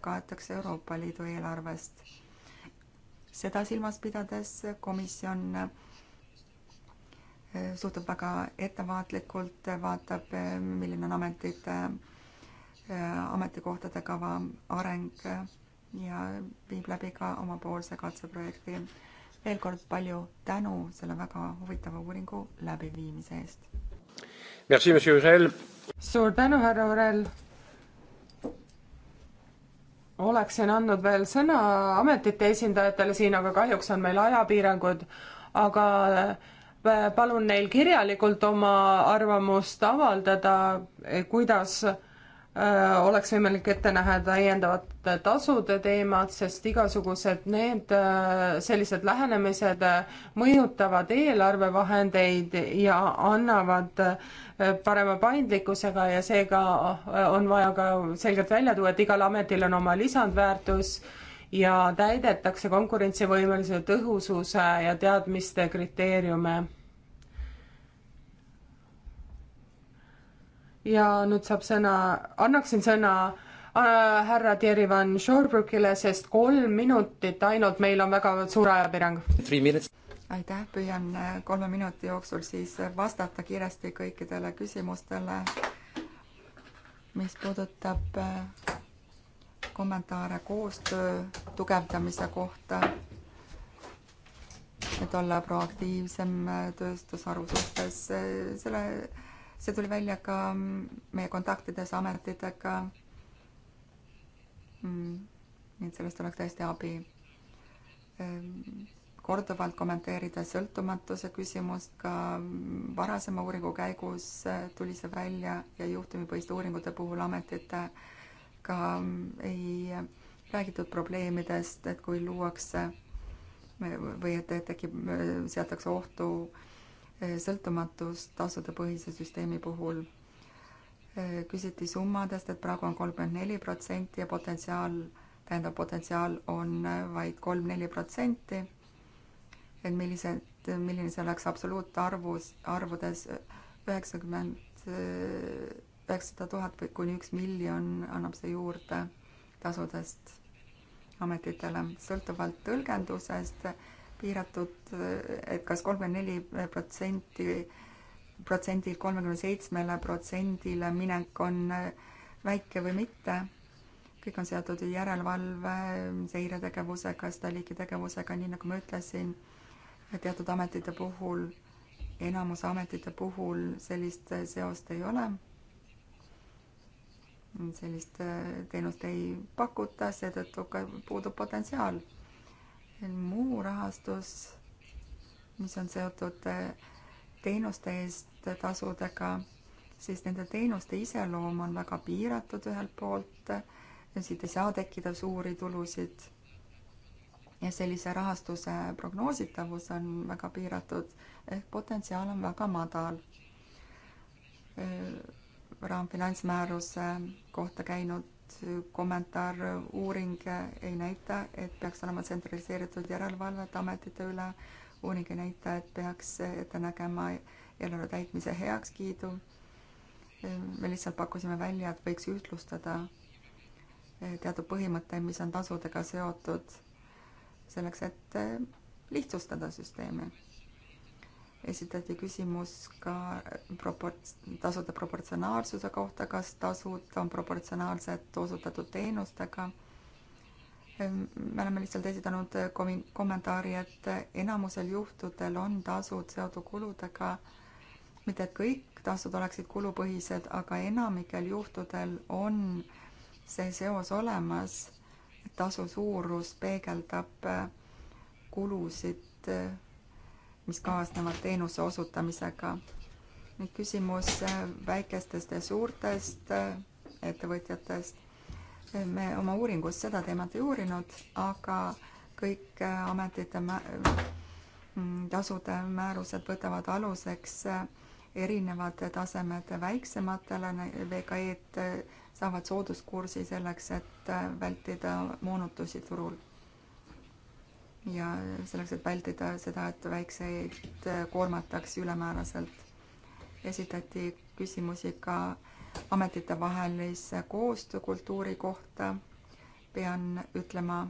kaetakse Euroopa Liidu eelarvest. seda silmas pidades komisjon suhtub väga ettevaatlikult, vaatab, milline on ametite Äh, ametikohtade kava areng ja viib läbi ka omapoolse katseprojekti. veel kord palju tänu selle väga huvitava uuringu läbiviimise eest. Merci, monsieur Urel. suur tänu, härra Urel. oleksin andnud veel sõna ametite esindajatele siin, aga kahjuks on meil ajapiirangud, aga äh, palun neil kirjalikult oma arvamust avaldada, kuidas Äh, oleks võimalik ette näha täiendavat tasude teemat, sest igasugused need äh, sellised lähenemised äh, mõjutavad eelarvevahendeid ja annavad parema paindlikkusega ja seega on vaja ka selgelt välja tuua, et igal ametil on oma lisandväärtus ja täidetakse konkurentsivõimelise tõhususe ja teadmiste kriteeriume ja nüüd saab sõna, annaksin sõna äh, härra Thierry Van Shorbrugile, sest kolm minutit ainult, meil on väga suur ajapiirang. aitäh, püüan äh, kolme minuti jooksul siis äh, vastata kiiresti kõikidele küsimustele, mis puudutab äh, kommentaare koostöö tugevdamise kohta, et olla proaktiivsem tööstusharu suhtes, selle see tuli välja ka mm, meie kontaktides ametitega mm,. nii et sellest oleks tõesti abi. Ehm, korduvalt kommenteerida sõltumatuse küsimust, ka mm, varasema uuringu käigus äh, tuli see välja ja juhtumipõhiste uuringute puhul ametitega mm, ei äh, räägitud probleemidest, et kui luuakse või et tekib, äh, seatakse ohtu äh, Eh, sõltumatust tasudepõhise süsteemi puhul. Eh, küsiti summadest, et praegu on kolmkümmend neli protsenti ja potentsiaal, tähendab, potentsiaal on eh, vaid kolm-neli protsenti. et millised, milline see oleks absoluutarvus, arvudes üheksakümmend üheksasada tuhat või kuni üks miljon annab see juurde tasudest ametitele, sõltuvalt tõlgendusest piiratud, et kas kolmkümmend neli protsenti, protsendilt kolmekümne seitsmele protsendile minek on väike või mitte. kõik on seotud järelevalve, seiretegevusega, STALIK-i tegevusega, nii nagu ma ütlesin, teatud ametite puhul, enamuse ametite puhul sellist seost ei ole sellist teenust ei pakuta, seetõttu ka puudub potentsiaal muu rahastus, mis on seotud eh, teenuste eest tasudega, siis nende teenuste iseloom on väga piiratud ühelt poolt, siit ei saa tekkida suuri tulusid. ja sellise rahastuse prognoositavus on väga piiratud ehk potentsiaal on väga madal. Eh, raamfinantsmääruse kohta käinud kommentaar, uuring ei näita, et peaks olema tsentraliseeritud järelevalvet ametite üle, uuring ei näita, et peaks ette nägema eelarve täitmise heakskiidu. me lihtsalt pakkusime välja, et võiks ühtlustada teatud põhimõtteid, mis on tasudega seotud, selleks et lihtsustada süsteemi esitati küsimus ka proport-, tasude proportsionaalsuse kohta, kas tasud on proportsionaalsed osutatud teenustega. me oleme lihtsalt esitanud komi-, kommentaari, et enamusel juhtudel on tasud seotud kuludega, mitte et kõik tasud oleksid kulupõhised, aga enamikel juhtudel on see seos olemas, et tasu suurus peegeldab eh, kulusid eh, mis kaasnevad teenuse osutamisega. nüüd küsimus äh, väikestest ja suurtest äh, ettevõtjatest. me oma uuringus seda teemat ei uurinud, aga kõik äh, ametite mm, tasude määrused võtavad aluseks erinevad tasemed väiksematele, VKE-d saavad sooduskursi selleks, et vältida moonutusi turul ja selleks, et vältida seda, et väikseid äh, koormatakse ülemääraselt, esitati küsimusi ka ametitevahelise koostöökultuuri kohta. pean ütlema,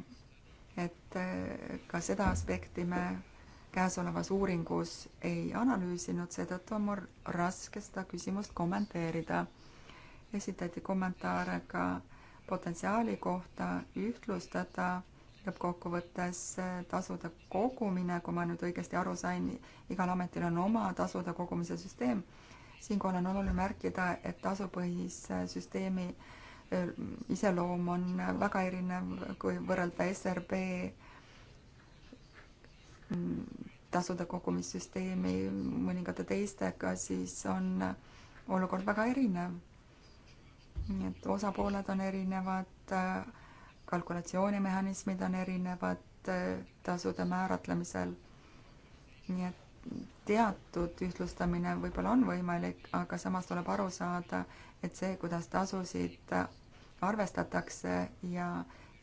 et äh, ka seda aspekti me käesolevas uuringus ei analüüsinud, seetõttu on mul raske seda küsimust kommenteerida. esitati kommentaare ka potentsiaali kohta ühtlustada lõppkokkuvõttes äh, tasude kogumine, kui ma nüüd õigesti aru sain, igal ametil on oma tasude kogumise süsteem. siinkohal on oluline märkida, et tasupõhise süsteemi äh, iseloom on väga erinev, kui võrrelda SRB mm, tasude kogumissüsteemi mõningate teistega, siis on olukord väga erinev. nii et osapooled on erinevad äh, kalkulatsioonimehhanismid on erinevad eh, tasude määratlemisel. nii et teatud ühtlustamine võib-olla on võimalik, aga samas tuleb aru saada, et see, kuidas tasusid arvestatakse ja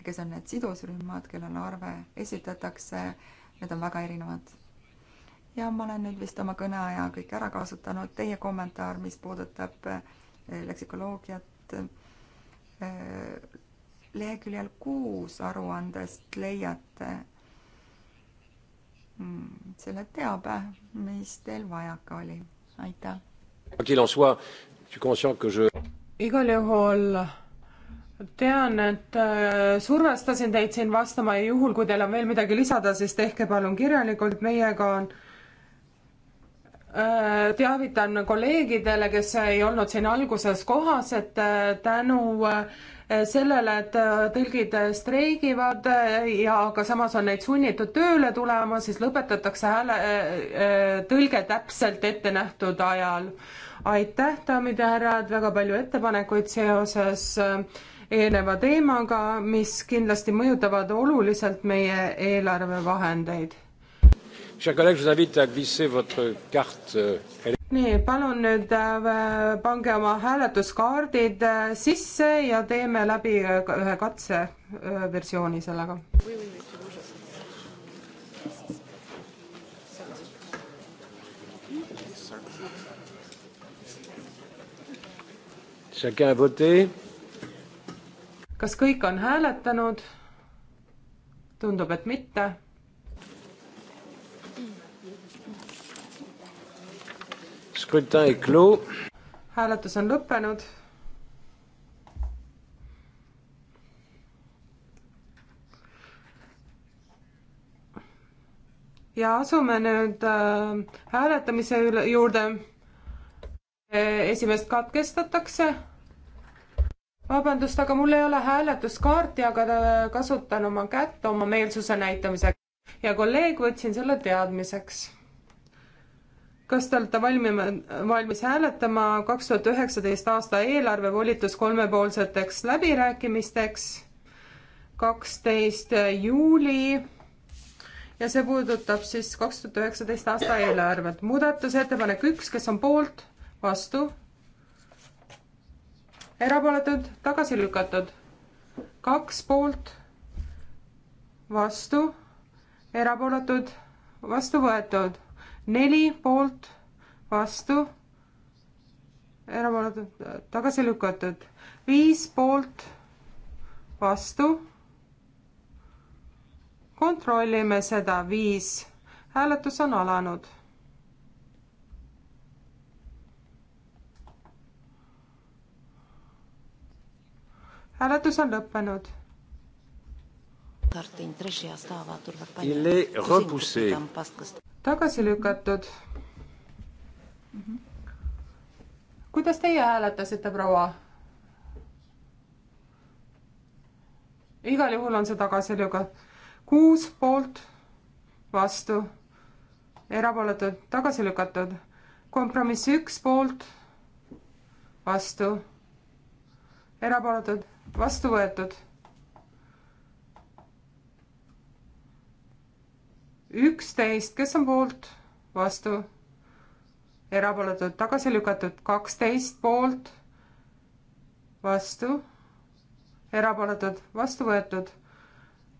kes on need sidusrühmad, kellele arve esitatakse, need on väga erinevad. ja ma olen nüüd vist oma kõneaja kõik ära kasutanud, teie kommentaar, mis puudutab eh, leksikoloogiat, eh, leheküljel kuus aruandest leiate mm, selle teabe, mis teil vajaka oli. aitäh! igal juhul tean, et äh, survestasin teid siin vastama ja juhul, kui teil on veel midagi lisada, siis tehke palun kirjalikult, meiega on äh, teavitan kolleegidele, kes ei olnud siin alguses kohas, et äh, tänu Eh, sellele, et eh, tõlgid eh, streigivad ja aga samas on neid sunnitud tööle tulema, siis lõpetatakse hääle, tõlge täpselt ette nähtud ajal. aitäh, daamid ja härrad, väga palju ettepanekuid seoses eelneva teemaga, mis kindlasti mõjutavad oluliselt meie eelarvevahendeid. Chers collègues, je vous invite à glisser votre carte euh, nii, palun nüüd äh, pange oma hääletuskaardid äh, sisse ja teeme läbi äh, ühe katseversiooni sellega. kas kõik on hääletanud? tundub, et mitte hääletus on lõppenud. ja asume nüüd äh, hääletamise üle, juurde. E, esimest katkestatakse. vabandust, aga mul ei ole hääletuskaarti, aga äh, kasutan oma kätt oma meelsuse näitamiseks ja kolleeg võtsin selle teadmiseks kas te olete valmima, valmis hääletama kaks tuhat üheksateist aasta eelarve volitus kolmepoolseteks läbirääkimisteks kaksteist juuli ja see puudutab siis kaks tuhat üheksateist aasta eelarvet. muudatusettepanek üks, kes on poolt, vastu, erapooletud, tagasi lükatud, kaks poolt, vastu, erapooletud, vastu võetud neli poolt, vastu, erapooletud, tagasi lükatud, viis poolt, vastu. kontrollime seda, viis, hääletus on alanud hääletus on lõppenud tagasi lükatud. kuidas teie hääletasite, proua? igal juhul on see tagasi lükatud. kuus poolt, vastu, erapooletud, tagasi lükatud. kompromiss üks poolt, vastu, erapooletud, vastu võetud üksteist, kes on poolt, vastu, erapooletud, tagasi lükatud, kaksteist poolt, vastu, erapooletud, vastu võetud,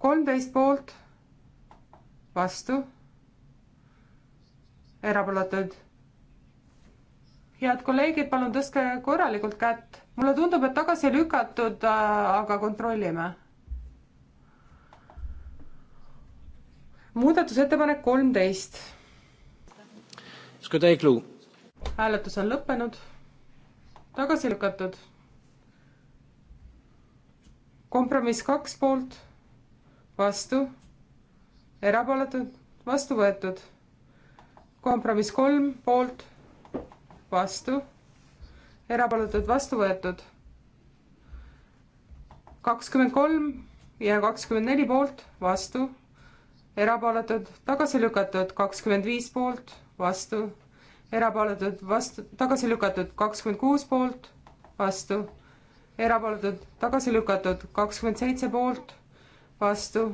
kolmteist poolt, vastu, erapooletud. head kolleegid, palun tõstke korralikult kätt. mulle tundub, et tagasi lükatud, äh, aga kontrollime muudatusettepanek kolmteist. hääletus on lõppenud, tagasi lükatud. kompromiss kaks poolt, vastu, erapooletud, vastu võetud. kompromiss kolm poolt, vastu, erapooletud, vastu võetud. kakskümmend kolm ja kakskümmend neli poolt, vastu erapooletud, tagasi lükatud, kakskümmend viis poolt, vastu, erapooletud, vastu, tagasi lükatud, kakskümmend kuus poolt, vastu, erapooletud, tagasi lükatud, kakskümmend seitse poolt, vastu,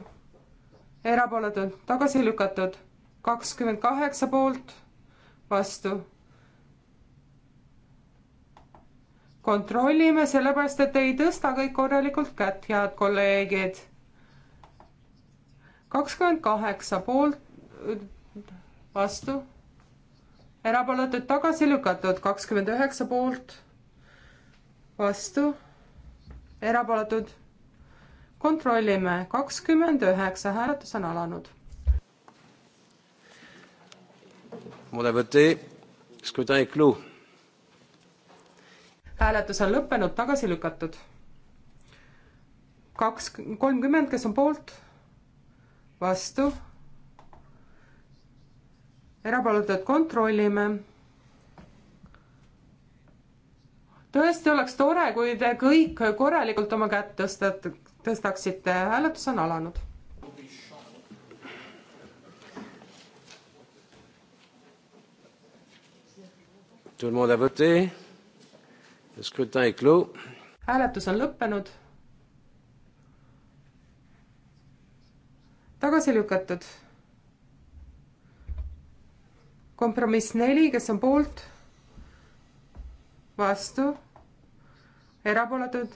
erapooletud, tagasi lükatud, kakskümmend kaheksa poolt, vastu kontrollime, sellepärast et ei tõsta kõik korralikult kätt, head kolleegid kakskümmend kaheksa poolt, vastu, erapooletud tagasi lükatud, kakskümmend üheksa poolt, vastu, erapooletud. kontrollime, kakskümmend üheksa, hääletus on alanud. hääletus on lõppenud, tagasi lükatud. kaks, kolmkümmend, kes on poolt vastu. erapooletud kontrollime. tõesti oleks tore, kui te kõik korralikult oma kätt tõstate, tõstaksite, hääletus on alanud. Tout le monde a voté. Le scrutin est clos. Hääletus on lõppenud tagasi lükatud. kompromiss neli, kes on poolt, vastu, erapooletud,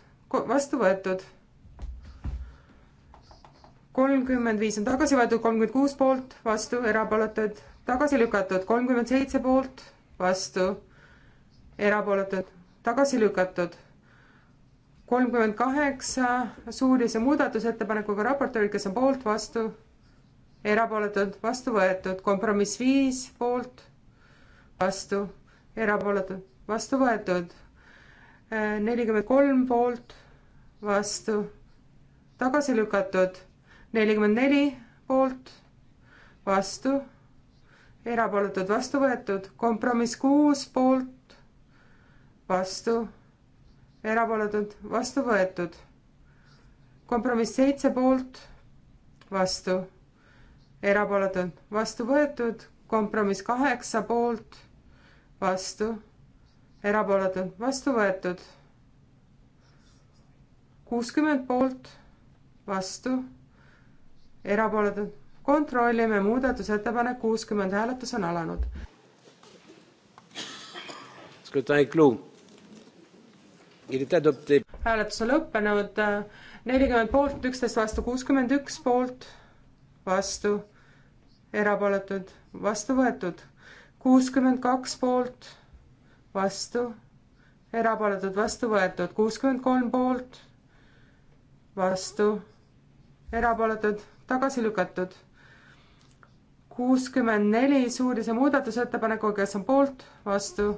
vastu võetud. kolmkümmend viis on tagasi võetud, kolmkümmend kuus poolt, vastu, erapooletud, tagasi lükatud, kolmkümmend seitse poolt, vastu, erapooletud, tagasi lükatud kolmkümmend kaheksa suulise muudatusettepanekuga raportöörid, kes on poolt, vastu, erapooletud, vastu võetud, kompromiss viis poolt, vastu, erapooletud, vastu võetud, nelikümmend kolm poolt, vastu, tagasi lükatud, nelikümmend neli poolt, vastu, erapooletud, vastu võetud, kompromiss kuus poolt, vastu erapooletud, vastu võetud. kompromiss seitse poolt, vastu, erapooletud, vastu võetud, kompromiss kaheksa poolt, vastu, erapooletud, vastu võetud. kuuskümmend poolt, vastu, erapooletud, kontrollime muudatusettepanek kuuskümmend, hääletus on alanud. Scrutin clos hääletus on lõppenud, nelikümmend poolt, üksteist vastu, kuuskümmend üks poolt, vastu, erapooletud, vastu võetud, kuuskümmend kaks poolt, vastu, erapooletud, vastu võetud, kuuskümmend kolm poolt, vastu, erapooletud, tagasi lükatud, kuuskümmend neli suulise muudatusettepanekuga, kes on poolt, vastu,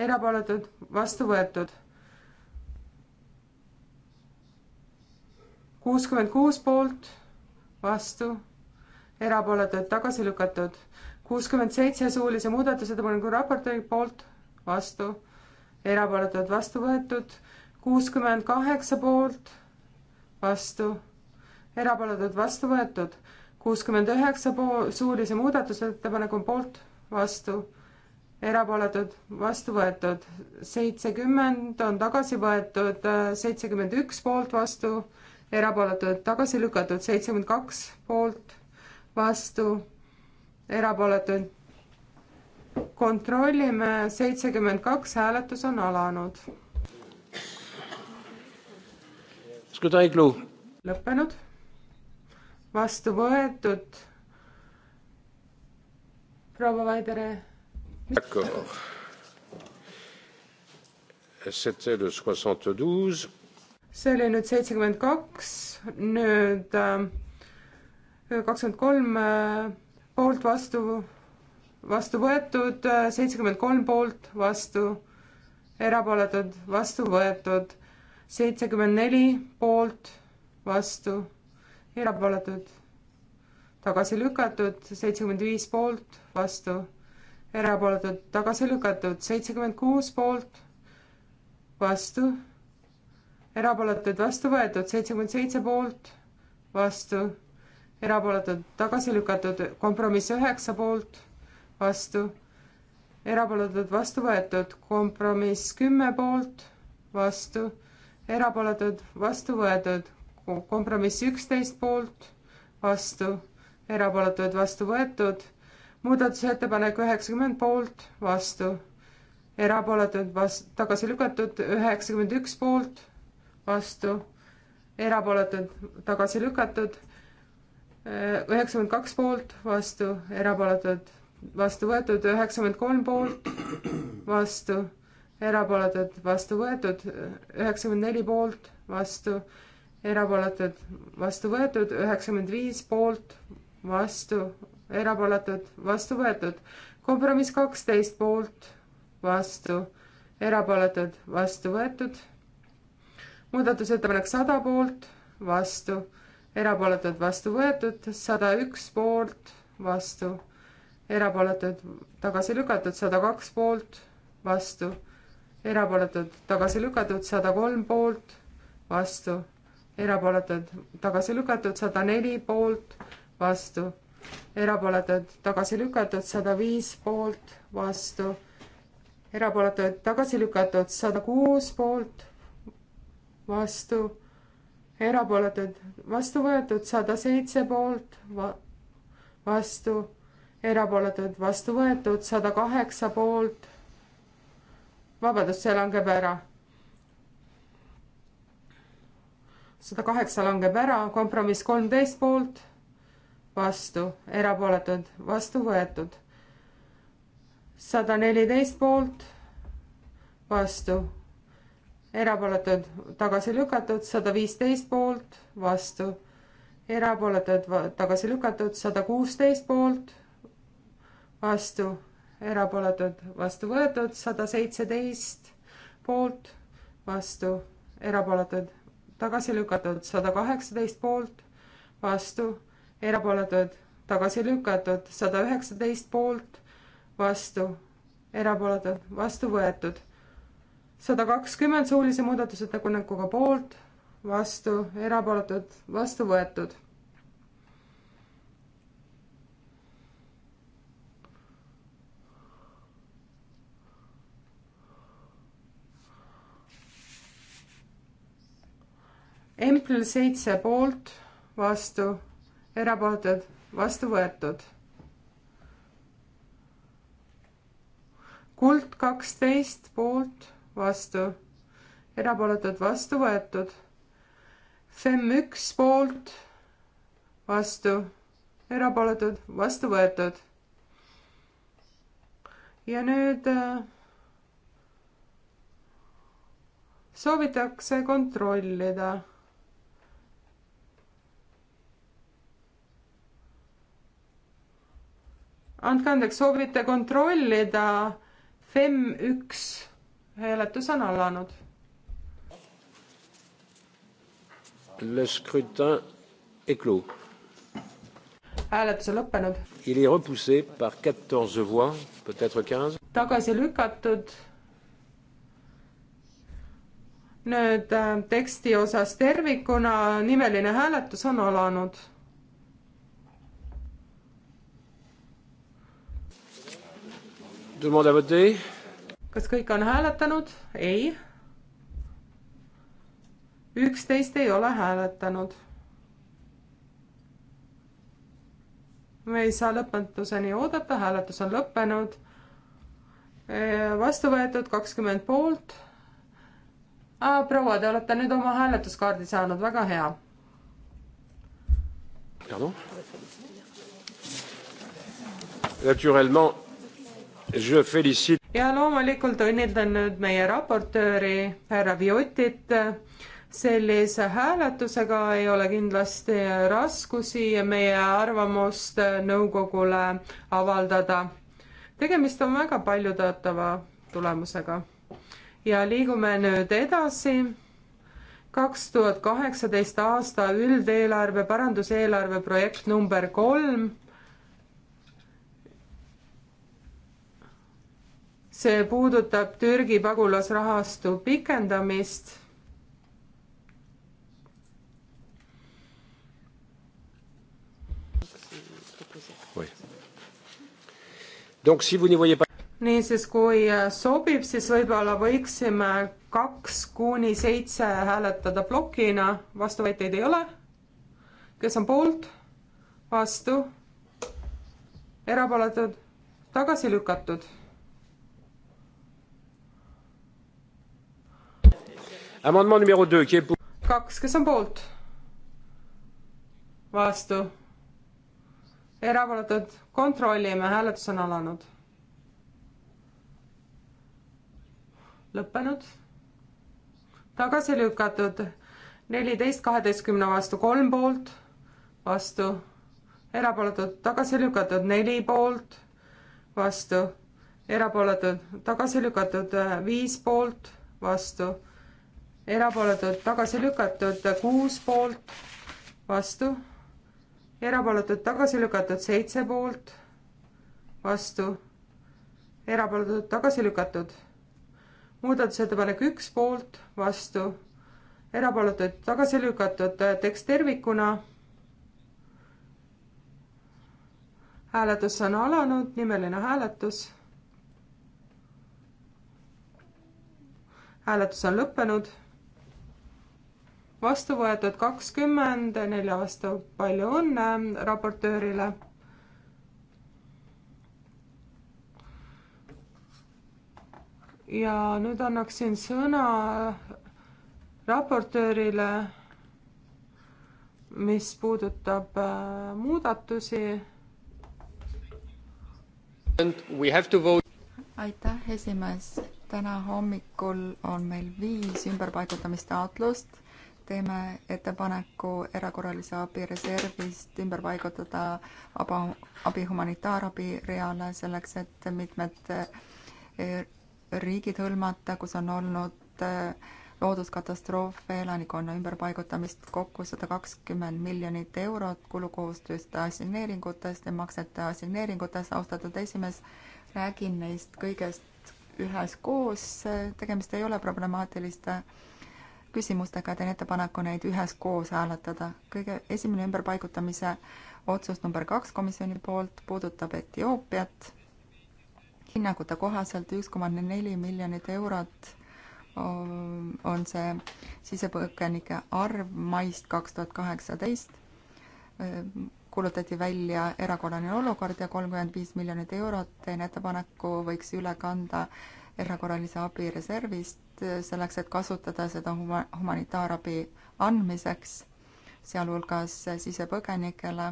erapooletud, vastu võetud kuuskümmend kuus poolt, vastu, erapooletud, tagasi lükatud. kuuskümmend seitse suulise muudatusettepaneku raportööri poolt, vastu, erapooletud, vastu võetud. kuuskümmend kaheksa poolt, vastu, erapooletud, vastu võetud. kuuskümmend üheksa pool, suulise muudatusettepaneku poolt, vastu, erapooletud, vastu võetud. seitsekümmend on tagasi võetud, seitsekümmend üks poolt, vastu erapooletud tagasi lükatud, seitsekümmend kaks poolt, vastu, erapooletud. kontrollime, seitsekümmend kaks, hääletus on alanud. lõppenud, vastu võetud. proua Vaidere. D'accord. C'était le 72 see oli nüüd seitsekümmend kaks, nüüd äh, kakskümmend kolm äh, poolt vastu, vastu võetud, äh, seitsekümmend kolm poolt vastu, erapooletud vastu võetud, seitsekümmend neli poolt vastu, erapooletud tagasi lükatud, seitsekümmend viis poolt vastu, erapooletud tagasi lükatud, seitsekümmend kuus poolt vastu erapooletud, vastu võetud, seitsekümmend seitse poolt, vastu, erapooletud, tagasi lükatud, kompromiss üheksa poolt, vastu, erapooletud, vastu võetud, kompromiss kümme poolt, vastu, erapooletud, vastu võetud, kompromiss üksteist poolt, vastu, erapooletud, vastu võetud, muudatusettepanek üheksakümmend poolt, vastu, erapooletud, vastu, tagasi lükatud, üheksakümmend üks poolt vastu, erapooletud, tagasi lükatud. üheksakümmend kaks poolt, vastu, erapooletud, vastu võetud, üheksakümmend kolm poolt, vastu, erapooletud, vastu võetud, üheksakümmend neli poolt, vastu, erapooletud, vastu võetud, üheksakümmend viis poolt, vastu, erapooletud, vastu võetud, kompromiss kaksteist poolt, vastu, erapooletud, vastu võetud muudatusettepanek sada poolt, vastu, erapooletud, vastu võetud, sada üks poolt, vastu, erapooletud, tagasi lükatud, sada kaks poolt, vastu, erapooletud, tagasi lükatud, sada kolm poolt, vastu, erapooletud, tagasi lükatud, sada neli poolt, vastu erapooletud tagasi lükatud, sada viis poolt, vastu. erapooletud tagasi lükatud, sada kuus poolt, vastu, erapooletud, vastu võetud sada seitse poolt va, vastu, erapooletud, vastu võetud sada kaheksa poolt. vabandust, see langeb ära. sada kaheksa langeb ära, kompromiss kolmteist poolt, vastu, erapooletud, vastu võetud sada neliteist poolt, vastu erapooletud tagasi lükatud, sada viisteist poolt, vastu, erapooletud tagasi lükatud, sada kuusteist poolt, vastu, erapooletud vastu võetud, sada seitseteist poolt, vastu, erapooletud tagasi lükatud, sada kaheksateist poolt, vastu, erapooletud tagasi lükatud, sada üheksateist poolt, vastu, erapooletud vastu võetud sada kakskümmend suulise muudatusettepanekuga poolt, vastu, erapooletud, vastu võetud. Emplil seitse poolt, vastu, erapooletud, vastu võetud. kuld kaksteist poolt vastu, erapooletud, vastu võetud. FEM üks poolt, vastu, erapooletud, vastu võetud. ja nüüd äh, soovitakse kontrollida andke andeks, soovite kontrollida FEM üks hääletus on alanud. Le scrutin est clos. hääletus on lõppenud. Il est repoussé par quatorze voix, peut-être quinze. tagasi lükatud. nüüd äh, teksti osas tervikuna nimeline hääletus on alanud Tout le monde a voté kas kõik on hääletanud? ei. üksteist ei ole hääletanud. me ei saa lõpetuseni oodata, hääletus on lõppenud. E, vastu võetud kakskümmend poolt ah,. proua, te olete nüüd oma hääletuskaardi saanud, väga hea. Pardon? Naturellement ja loomulikult õnnitlen nüüd meie raportööri härra Viotit. sellise hääletusega ei ole kindlasti raskusi meie arvamust nõukogule avaldada. tegemist on väga paljutõotava tulemusega. ja liigume nüüd edasi kaks tuhat kaheksateist aasta üldeelarve paranduseelarve projekt number kolm see puudutab Türgi pagulasrahastu pikendamist. niisiis, kui äh, sobib, siis võib-olla võiksime kaks kuni seitse hääletada plokina, vastuväiteid ei ole. kes on poolt, vastu, erapooletud, tagasi lükatud kaks, kes on poolt? vastu? erapooletud, kontrollime, hääletus on alanud. lõppenud. tagasi lükatud neliteist kaheteistkümne vastu kolm poolt, vastu, erapooletud, tagasi lükatud neli poolt, vastu, erapooletud, tagasi lükatud viis poolt, vastu erapooletud tagasi lükatud kuus poolt, vastu, erapooletud tagasi lükatud seitse poolt, vastu, erapooletud tagasi lükatud. muudatusettepanek üks poolt, vastu, erapooletud tagasi lükatud tekst tervikuna hääletus on alanud, nimeline hääletus. hääletus on lõppenud vastu võetud kakskümmend, nelja vastu, palju õnne raportöörile. ja nüüd annaksin sõna raportöörile, mis puudutab äh, muudatusi. aitäh, esimees täna hommikul on meil viis ümberpaigutamistaotlust teeme ettepaneku erakorralise abi reservist ümber paigutada aba, abi humanitaarabi reale selleks, et mitmed eh, riigid hõlmata, kus on olnud eh, looduskatastroofe, elanikkonna ümberpaigutamist kokku sada kakskümmend miljonit eurot kulukohustuste assigneeringutest ja maksete assigneeringutest. austatud esimees, räägin neist kõigest üheskoos, tegemist ei ole problemaatiliste küsimustega teen ettepaneku neid üheskoos hääletada. kõige esimene ümberpaigutamise otsus number kaks komisjoni poolt puudutab Etioopiat. hinnangute kohaselt üks koma neli miljonit eurot on see sisepõgenike arv maist kaks tuhat kaheksateist. kuulutati välja erakorraline olukord ja kolmkümmend viis miljonit eurot, teen ettepaneku, võiks üle kanda erakorralise abi reservist Äh, selleks, et kasutada seda huma-, humanitaarabi andmiseks, sealhulgas äh, sisepõgenikele,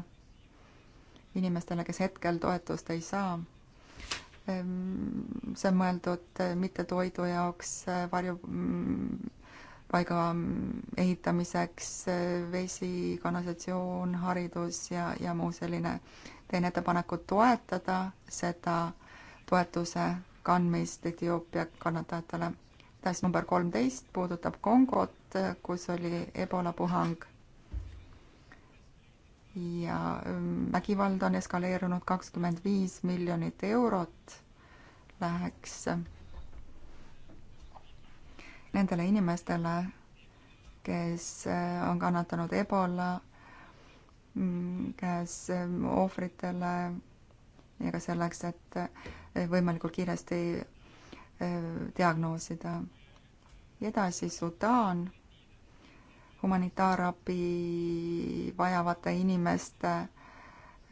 inimestele, kes hetkel toetust ei saa. Ehm, see on mõeldud äh, mittetoidu jaoks, varjupaiga mm, mm, ehitamiseks, vesi, kanalisatsioon, haridus ja, ja muu selline. teen ettepaneku toetada seda toetuse kandmist Etioopia kannatajatele test number kolmteist puudutab Kongot, kus oli Ebola puhang. ja ähm, vägivald on eskaleerunud kakskümmend viis miljonit eurot läheks nendele inimestele, kes äh, on kannatanud Ebola mm, käes ähm, ohvritele ja ka selleks, et äh, võimalikult kiiresti diagnoosida. ja edasi Sudaan, humanitaarabi vajavate inimeste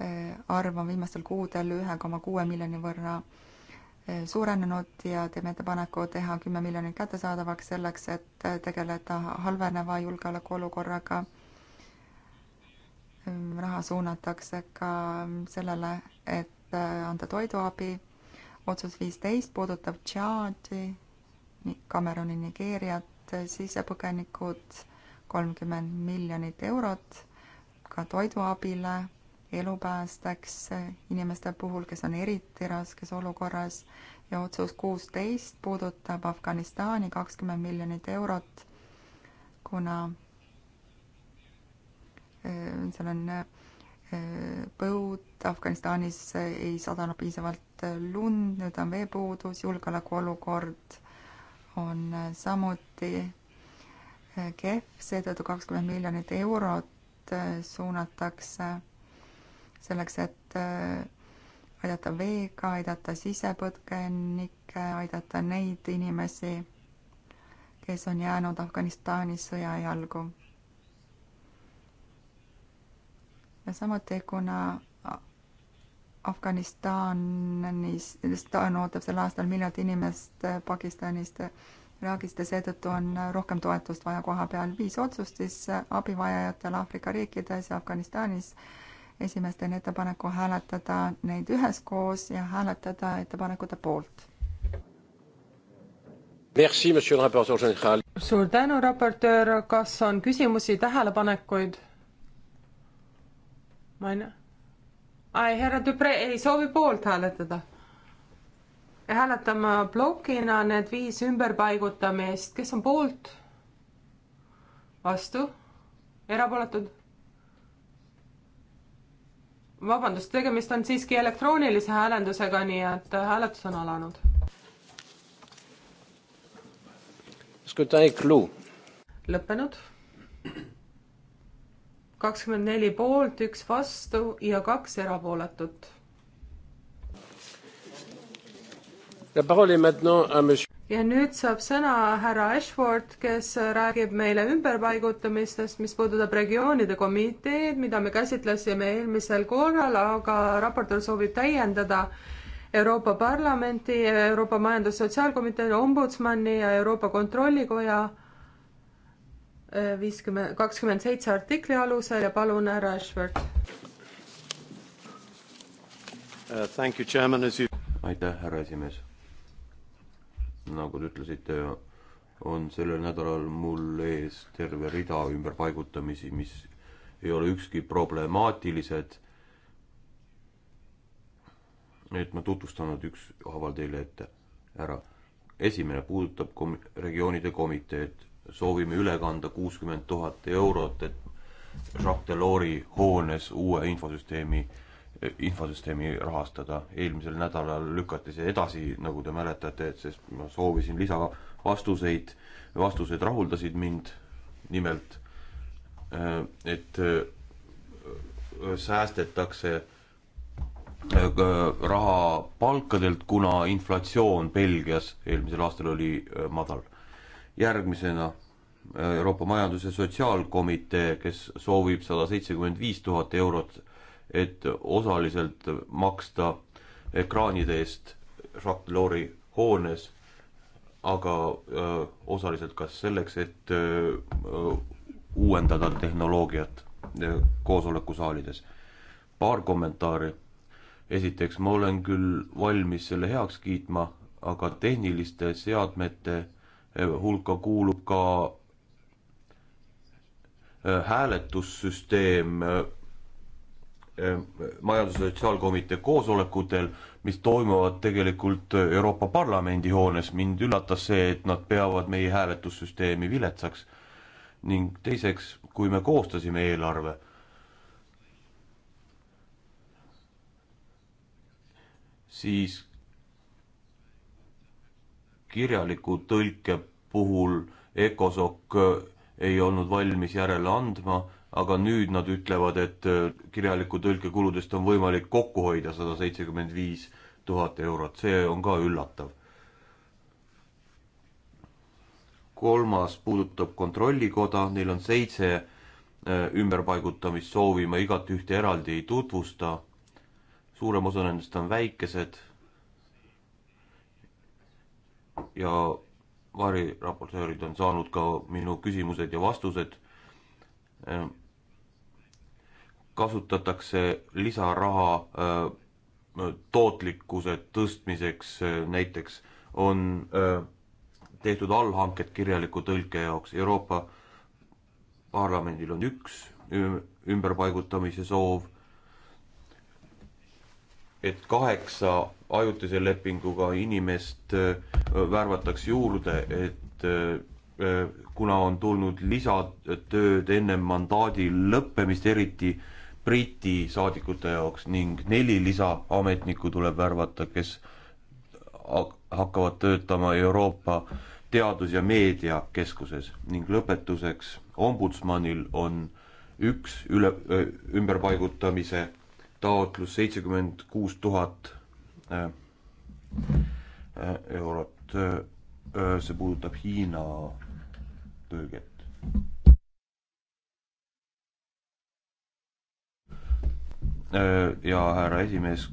eh, arv on viimastel kuudel ühe koma kuue miljoni võrra eh, suurenenud ja teeme ettepaneku teha kümme miljonit kättesaadavaks selleks, et eh, tegeleda halveneva julgeolekuolukorraga. raha suunatakse ka sellele, et anda toiduabi otsus viisteist puudutab Tšaadi, Kameruni, Nigeeriat, sisepõgenikud, kolmkümmend miljonit eurot ka toiduabile, elupäästeks inimeste puhul, kes on eriti raskes olukorras ja otsus kuusteist puudutab Afganistani kakskümmend miljonit eurot, kuna eh, seal on põud, Afganistanis ei sadanud piisavalt lund, nüüd on veepuudus, julgeolekuolukord on samuti kehv, seetõttu kakskümmend miljonit eurot suunatakse selleks, et aidata veega, aidata sisepõgenikke, aidata neid inimesi, kes on jäänud Afganistanis sõja jalgu samuti kuna Afganistanis, Stan ootab sel aastal miljard inimest äh, Pakistanist, Iraagist ja seetõttu on äh, rohkem toetust vaja koha peal. viis otsust siis äh, abivajajatele Aafrika riikides ja Afganistanis. esimest teen ettepaneku hääletada neid üheskoos ja hääletada ettepanekute poolt. suur tänu, raportöör, kas on küsimusi, tähelepanekuid? ma ei näe. ai, härra Dupre ei soovi poolt hääletada. hääletame plokina need viis ümberpaigutamist, kes on poolt? vastu? erapooletud? vabandust, tegemist on siiski elektroonilise hääletusega, nii et hääletus on alanud. lõppenud kakskümmend neli poolt, üks vastu ja kaks erapooletut. ja nüüd saab sõna härra Ashford, kes räägib meile ümberpaigutamistest, mis puudutab regioonide komiteed, mida me käsitlesime eelmisel korral, aga raportöör soovib täiendada Euroopa Parlamenti, Euroopa Majandus-Sotsiaalkomitee, Ombudsmani ja Euroopa Kontrollikoja viiskümmend, kakskümmend seitse artikli alusel ja palun, härra Ashford uh,. You... aitäh, härra esimees. nagu te ütlesite, on sellel nädalal mul ees terve rida ümberpaigutamisi, mis ei ole ükski problemaatilised. et ma tutvustan nad ükshaaval teile ette ära. esimene puudutab kom-, regioonide komiteed soovime üle kanda kuuskümmend tuhat eurot, et Jacques Delors'i hoones uue infosüsteemi, infosüsteemi rahastada. eelmisel nädalal lükati see edasi, nagu te mäletate, et sest ma soovisin lisavastuseid, vastused rahuldasid mind nimelt, äh, et äh, säästetakse äh, raha palkadelt, kuna inflatsioon Belgias eelmisel aastal oli madal järgmisena äh, Euroopa Majandus- ja Sotsiaalkomitee, kes soovib sada seitsekümmend viis tuhat eurot, et osaliselt maksta ekraanide eest Jacques Delors'i hoones, aga öö, äh, osaliselt ka selleks, et öö, äh, uuendada tehnoloogiat öö, koosolekusaalides. paar kommentaari. esiteks, ma olen küll valmis selle heaks kiitma, aga tehniliste seadmete öö, hulka kuulub ka hääletussüsteem majandus- ja sotsiaalkomitee koosolekutel, mis toimuvad tegelikult Euroopa Parlamendi hoones. mind üllatas see, et nad peavad meie hääletussüsteemi viletsaks. ning teiseks, kui me koostasime eelarve, siis kirjaliku tõlke puhul Ecosoc äh, ei olnud valmis järele andma, aga nüüd nad ütlevad, et äh, kirjaliku tõlke kuludest on võimalik kokku hoida sada seitsekümmend viis tuhat eurot, see on ka üllatav. kolmas puudutab Kontrollikoda, neil on seitse äh, ümberpaigutamissoovi, ma igat ühte eraldi ei tutvusta, suurem osa nendest on väikesed ja variraportöörid on saanud ka minu küsimused ja vastused. Ehm, kasutatakse lisaraha ehm, tootlikkuse tõstmiseks, ehm, näiteks on tehtud allhanked kirjaliku tõlke jaoks, Euroopa Parlamendil on üks ümberpaigutamise soov, et kaheksa ajutise lepinguga inimest värvatakse juurde, et kuna on tulnud lisatööd enne mandaadi lõppemist, eriti Briti saadikute jaoks ning neli lisaametnikku tuleb värvata, kes hakkavad töötama Euroopa Teadus- ja Meediakeskuses ning lõpetuseks ombudsmanil on üks üle, ümberpaigutamise taotlus seitsekümmend kuus tuhat Äh, äh, eurot. Äh, see puudutab Hiina tõõget. ja härra esimees,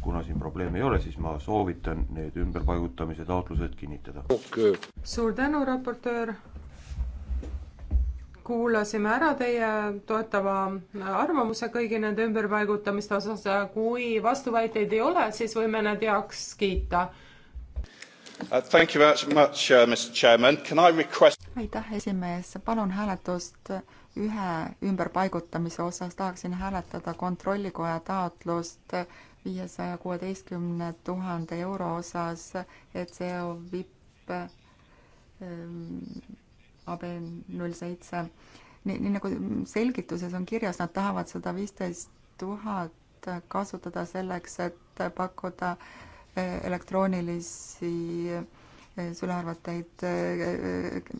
kuna siin probleemi ei ole, siis ma soovitan need ümberpaigutamise taotlused kinnitada. suur tänu, raportöör kuulasime ära teie toetava arvamuse kõigi nende ümberpaigutamiste osas ja kui vastuväiteid ei ole, siis võime need heaks kiita uh,. Thank you very much uh,, Mr Chairman, can I request? aitäh, esimees, palun hääletust ühe ümberpaigutamise osas, tahaksin hääletada kontrollikoja taotlust viiesaja kuueteistkümne tuhande euro osas, et see viib ähm, AB null seitse. nii, nii nagu selgituses on kirjas, nad tahavad sada viisteist tuhat kasutada selleks, et pakkuda eh, elektroonilisi eh, sülearvuteid eh,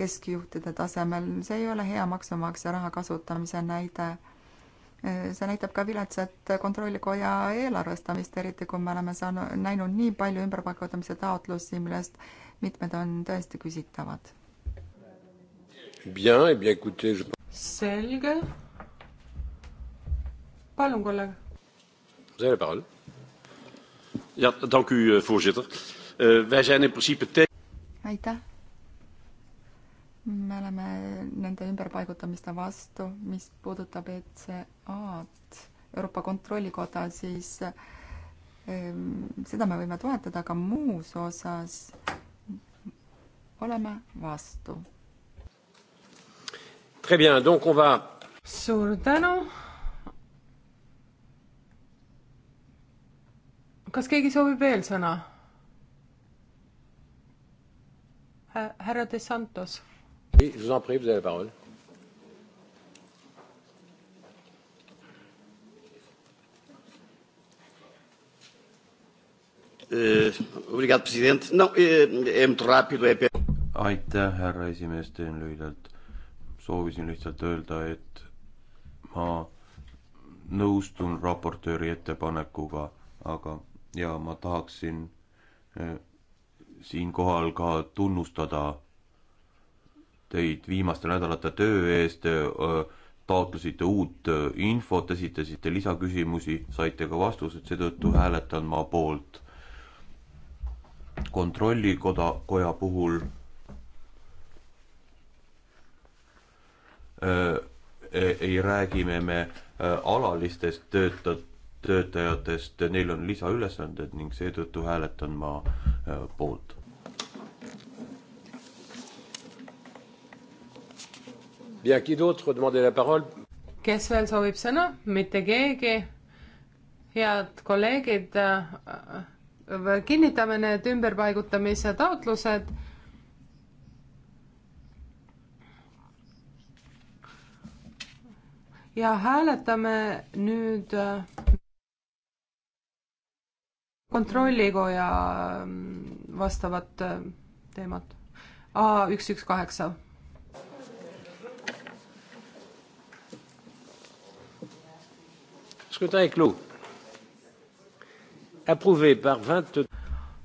keskjuhtide tasemel, see ei ole hea maksumaksja raha kasutamise näide. see näitab ka viletsat Kontrollikoja eelarvestamist, eriti kui me oleme saanud, näinud nii palju ümberpakkutamise taotlusi, millest mitmed on tõesti küsitavad. Bien, eh bien écoutez, je... selge. palun, kolleeg. Vous avez la parole. Ja, dank u, eh, voorzitter. Uh, wij zijn in principe tegen. aitäh. me oleme nende ümberpaigutamiste vastu, mis puudutab ECA-d, Euroopa Kontrollikoda, siis ähm, seda me võime toetada, aga muus osas oleme vastu Très bien, donc on va. suur tänu. kas keegi soovib veel sõna? härra De Santos. Oui, je vous en prie, vous avez la parole. Euh, obrigado, president. Não, é muito rápido. Aitäh, härra esimees, teen lühidalt soovisin lihtsalt öelda, et ma nõustun raportööri ettepanekuga, aga, ja ma tahaksin eh, siinkohal ka tunnustada teid viimaste nädalate töö eest, eh, taotlesite uut eh, infot, esitasite lisaküsimusi, saite ka vastused, seetõttu hääletan ma poolt. kontrollikoda, koja puhul Äh, ei räägi me me äh, alalistest tööta-, töötajatest, neil on lisaülesanded ning seetõttu hääletan ma äh, poolt. kes veel soovib sõna? mitte keegi. head kolleegid, kinnitame need ümberpaigutamise taotlused ja hääletame nüüd äh, kontrollikoja äh, vastavat äh, teemat. A üks, üks, kaheksa.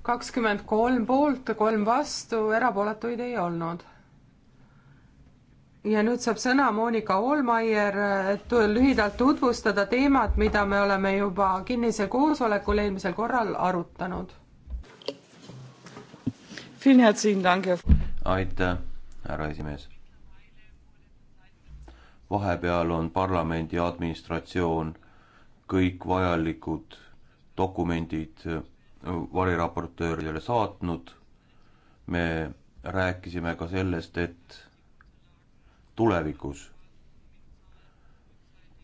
kakskümmend kolm poolt, kolm vastu, erapooletuid ei olnud ja nüüd saab sõna Monika Olmaier, et lühidalt tutvustada teemat, mida me oleme juba kinnisel koosolekul eelmisel korral arutanud. aitäh, härra esimees. vahepeal on parlamendi administratsioon kõik vajalikud dokumendid äh, variraportööridele saatnud. me rääkisime ka sellest, et tulevikus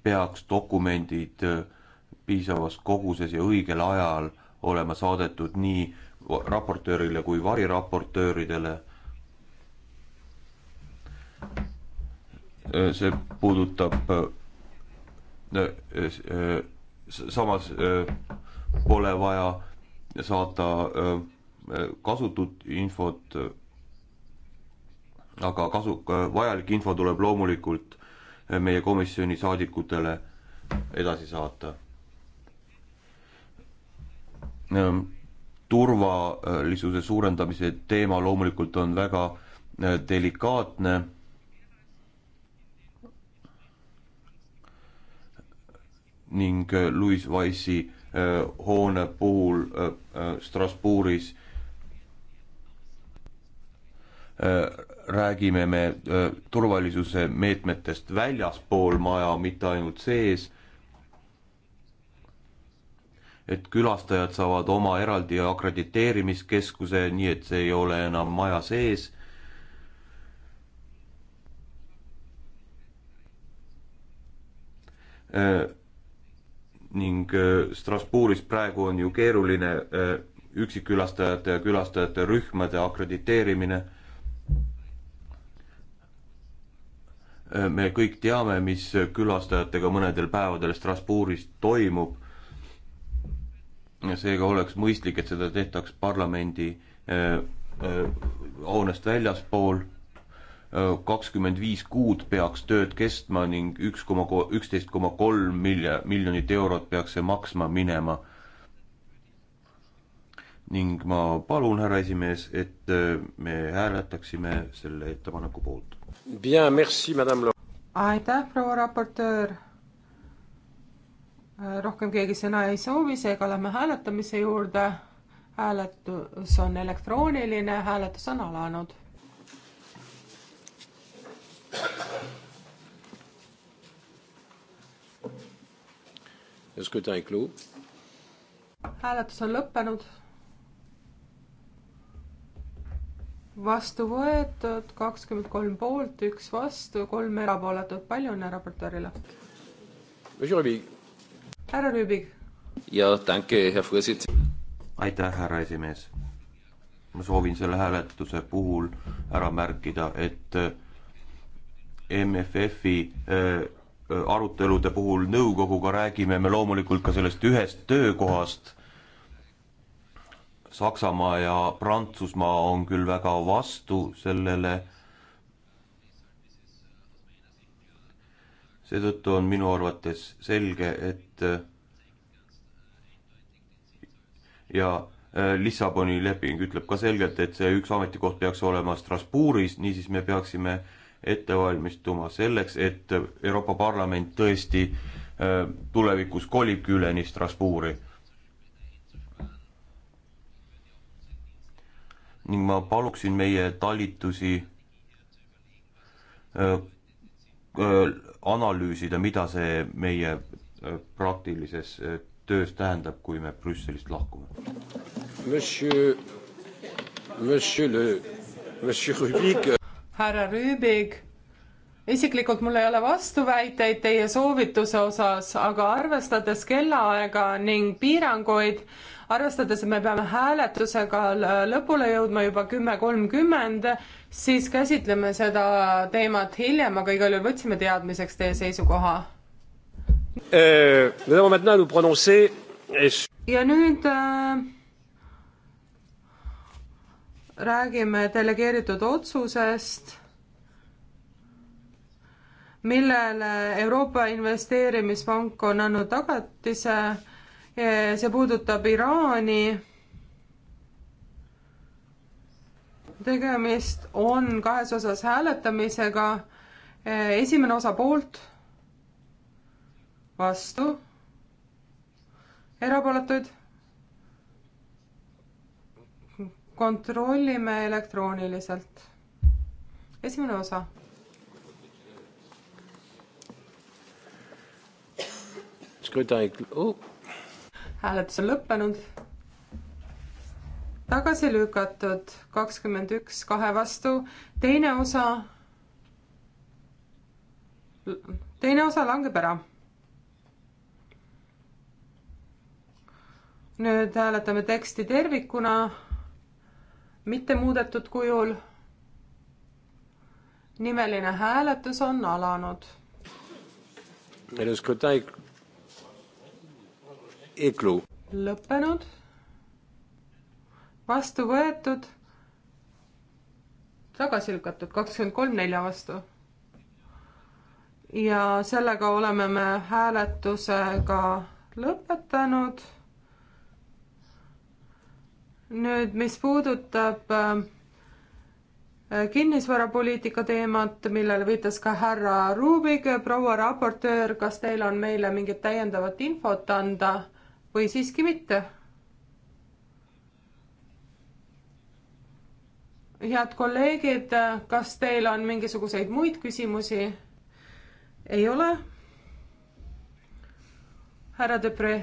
peaks dokumendid piisavas koguses ja õigel ajal olema saadetud nii raportöörile kui variraportööridele. see puudutab äh, äh, samas äh, pole vaja saata kasutut infot aga kasu, vajalik info tuleb loomulikult äh, meie komisjoni saadikutele edasi saata. Ähm, turvalisuse suurendamise teema loomulikult on väga äh, delikaatne. ning äh, Louis Wise'i hoone puhul Strasbourgis räägime me turvalisuse meetmetest väljaspool maja, mitte ainult sees. et külastajad saavad oma eraldi akrediteerimiskeskuse, nii et see ei ole enam maja sees ning Strasbourgis praegu on ju keeruline üksikkülastajate ja külastajate rühmade akrediteerimine me kõik teame, mis külastajatega mõnedel päevadel Strasbourgis toimub. seega oleks mõistlik, et seda tehtaks parlamendi äh, äh, hoonest väljaspool. Äh, kakskümmend viis kuud peaks tööd kestma ning üks koma, üksteist koma kolm milja-, miljonit eurot peaks see maksma minema ning ma palun, härra esimees, et me hääletaksime selle ettepaneku poolt aitäh, proua raportöör. Äh, rohkem keegi sõna ei soovi, seega lähme hääletamise juurde. hääletus on elektrooniline, hääletus on alanud. hääletus on lõppenud vastu võetud, kakskümmend kolm poolt, üks vastu, kolm erapooletut. palju õnne raportöörile! härra Rüübik. ja tänke, hea Fõsit. aitäh, härra esimees. ma soovin selle hääletuse puhul ära märkida, et eh, MFF-i eh, arutelude puhul nõukoguga räägime me loomulikult ka sellest ühest töökohast Saksamaa ja Prantsusmaa on küll väga vastu sellele. seetõttu on minu arvates selge, et ja äh, Lissaboni leping ütleb ka selgelt, et see üks ametikoht peaks olema Strasbourgis, niisiis me peaksime ette valmistuma selleks, et Euroopa Parlament tõesti äh, tulevikus kolibki üleni Strasbourgi ning ma paluksin meie talitusi öö, öö, analüüsida, mida see meie praktilises töös tähendab, kui me Brüsselist lahkume. Monsieur, monsieur le, monsieur Rubik. härra Rüübik, isiklikult mul ei ole vastuväiteid teie soovituse osas, aga arvestades kellaaega ning piiranguid, arvestades, et me peame hääletusega lõpule jõudma juba kümme kolmkümmend, siis käsitleme seda teemat hiljem, aga igal juhul võtsime teadmiseks teie seisukoha. Euh, ja nüüd äh, räägime delegeeritud otsusest, millele Euroopa Investeerimispank on andnud tagatise Eh, see puudutab Iraani. tegemist on kahes osas hääletamisega. Eh, esimene osa poolt, vastu, erapooletuid. kontrollime elektrooniliselt. esimene osa scrutin est clos hääletus on lõppenud. tagasi lükatud kakskümmend üks kahe vastu, teine osa, teine osa langeb ära. nüüd hääletame teksti tervikuna, mitte muudetud kujul. nimeline hääletus on alanud. Le scrutin est lõppenud, vastu võetud, tagasi lükatud, kakskümmend kolm nelja vastu. ja sellega oleme me hääletusega lõpetanud. nüüd, mis puudutab äh, kinnisvarapoliitika teemat, millele viitas ka härra Rubik, proua raportöör, kas teil on meile mingit täiendavat infot anda? või siiski mitte? head kolleegid, kas teil on mingisuguseid muid küsimusi? ei ole? härra Debre,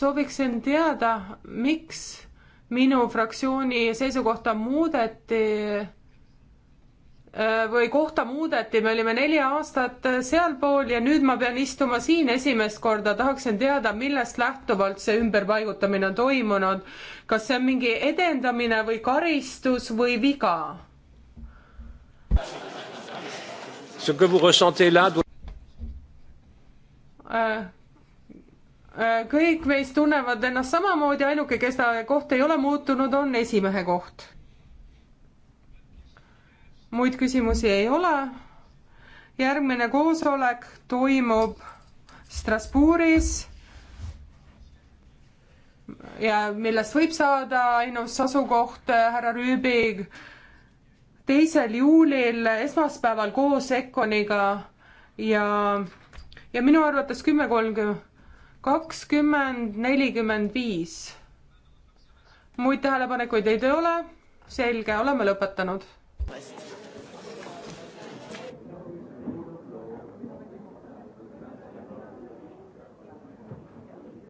sooviksin teada, miks minu fraktsiooni seisukohta muudeti Äh, või kohta muudeti, me olime neli aastat äh, sealpool ja nüüd ma pean istuma siin esimest korda, tahaksin teada, millest lähtuvalt see ümberpaigutamine on toimunud. kas see on mingi edendamine või karistus või viga? Äh, kõik meist tunnevad ennast samamoodi, ainuke, kes ta koht ei ole muutunud, on esimehe koht muid küsimusi ei ole. järgmine koosolek toimub Strasbourgis ja millest võib saada ainus asukoht härra Rüübi teisel juulil esmaspäeval koos Econiga ja, ja minu arvates kümme kolmkümmend, kakskümmend nelikümmend viis. muid tähelepanekuid ei ole, selge, oleme lõpetanud.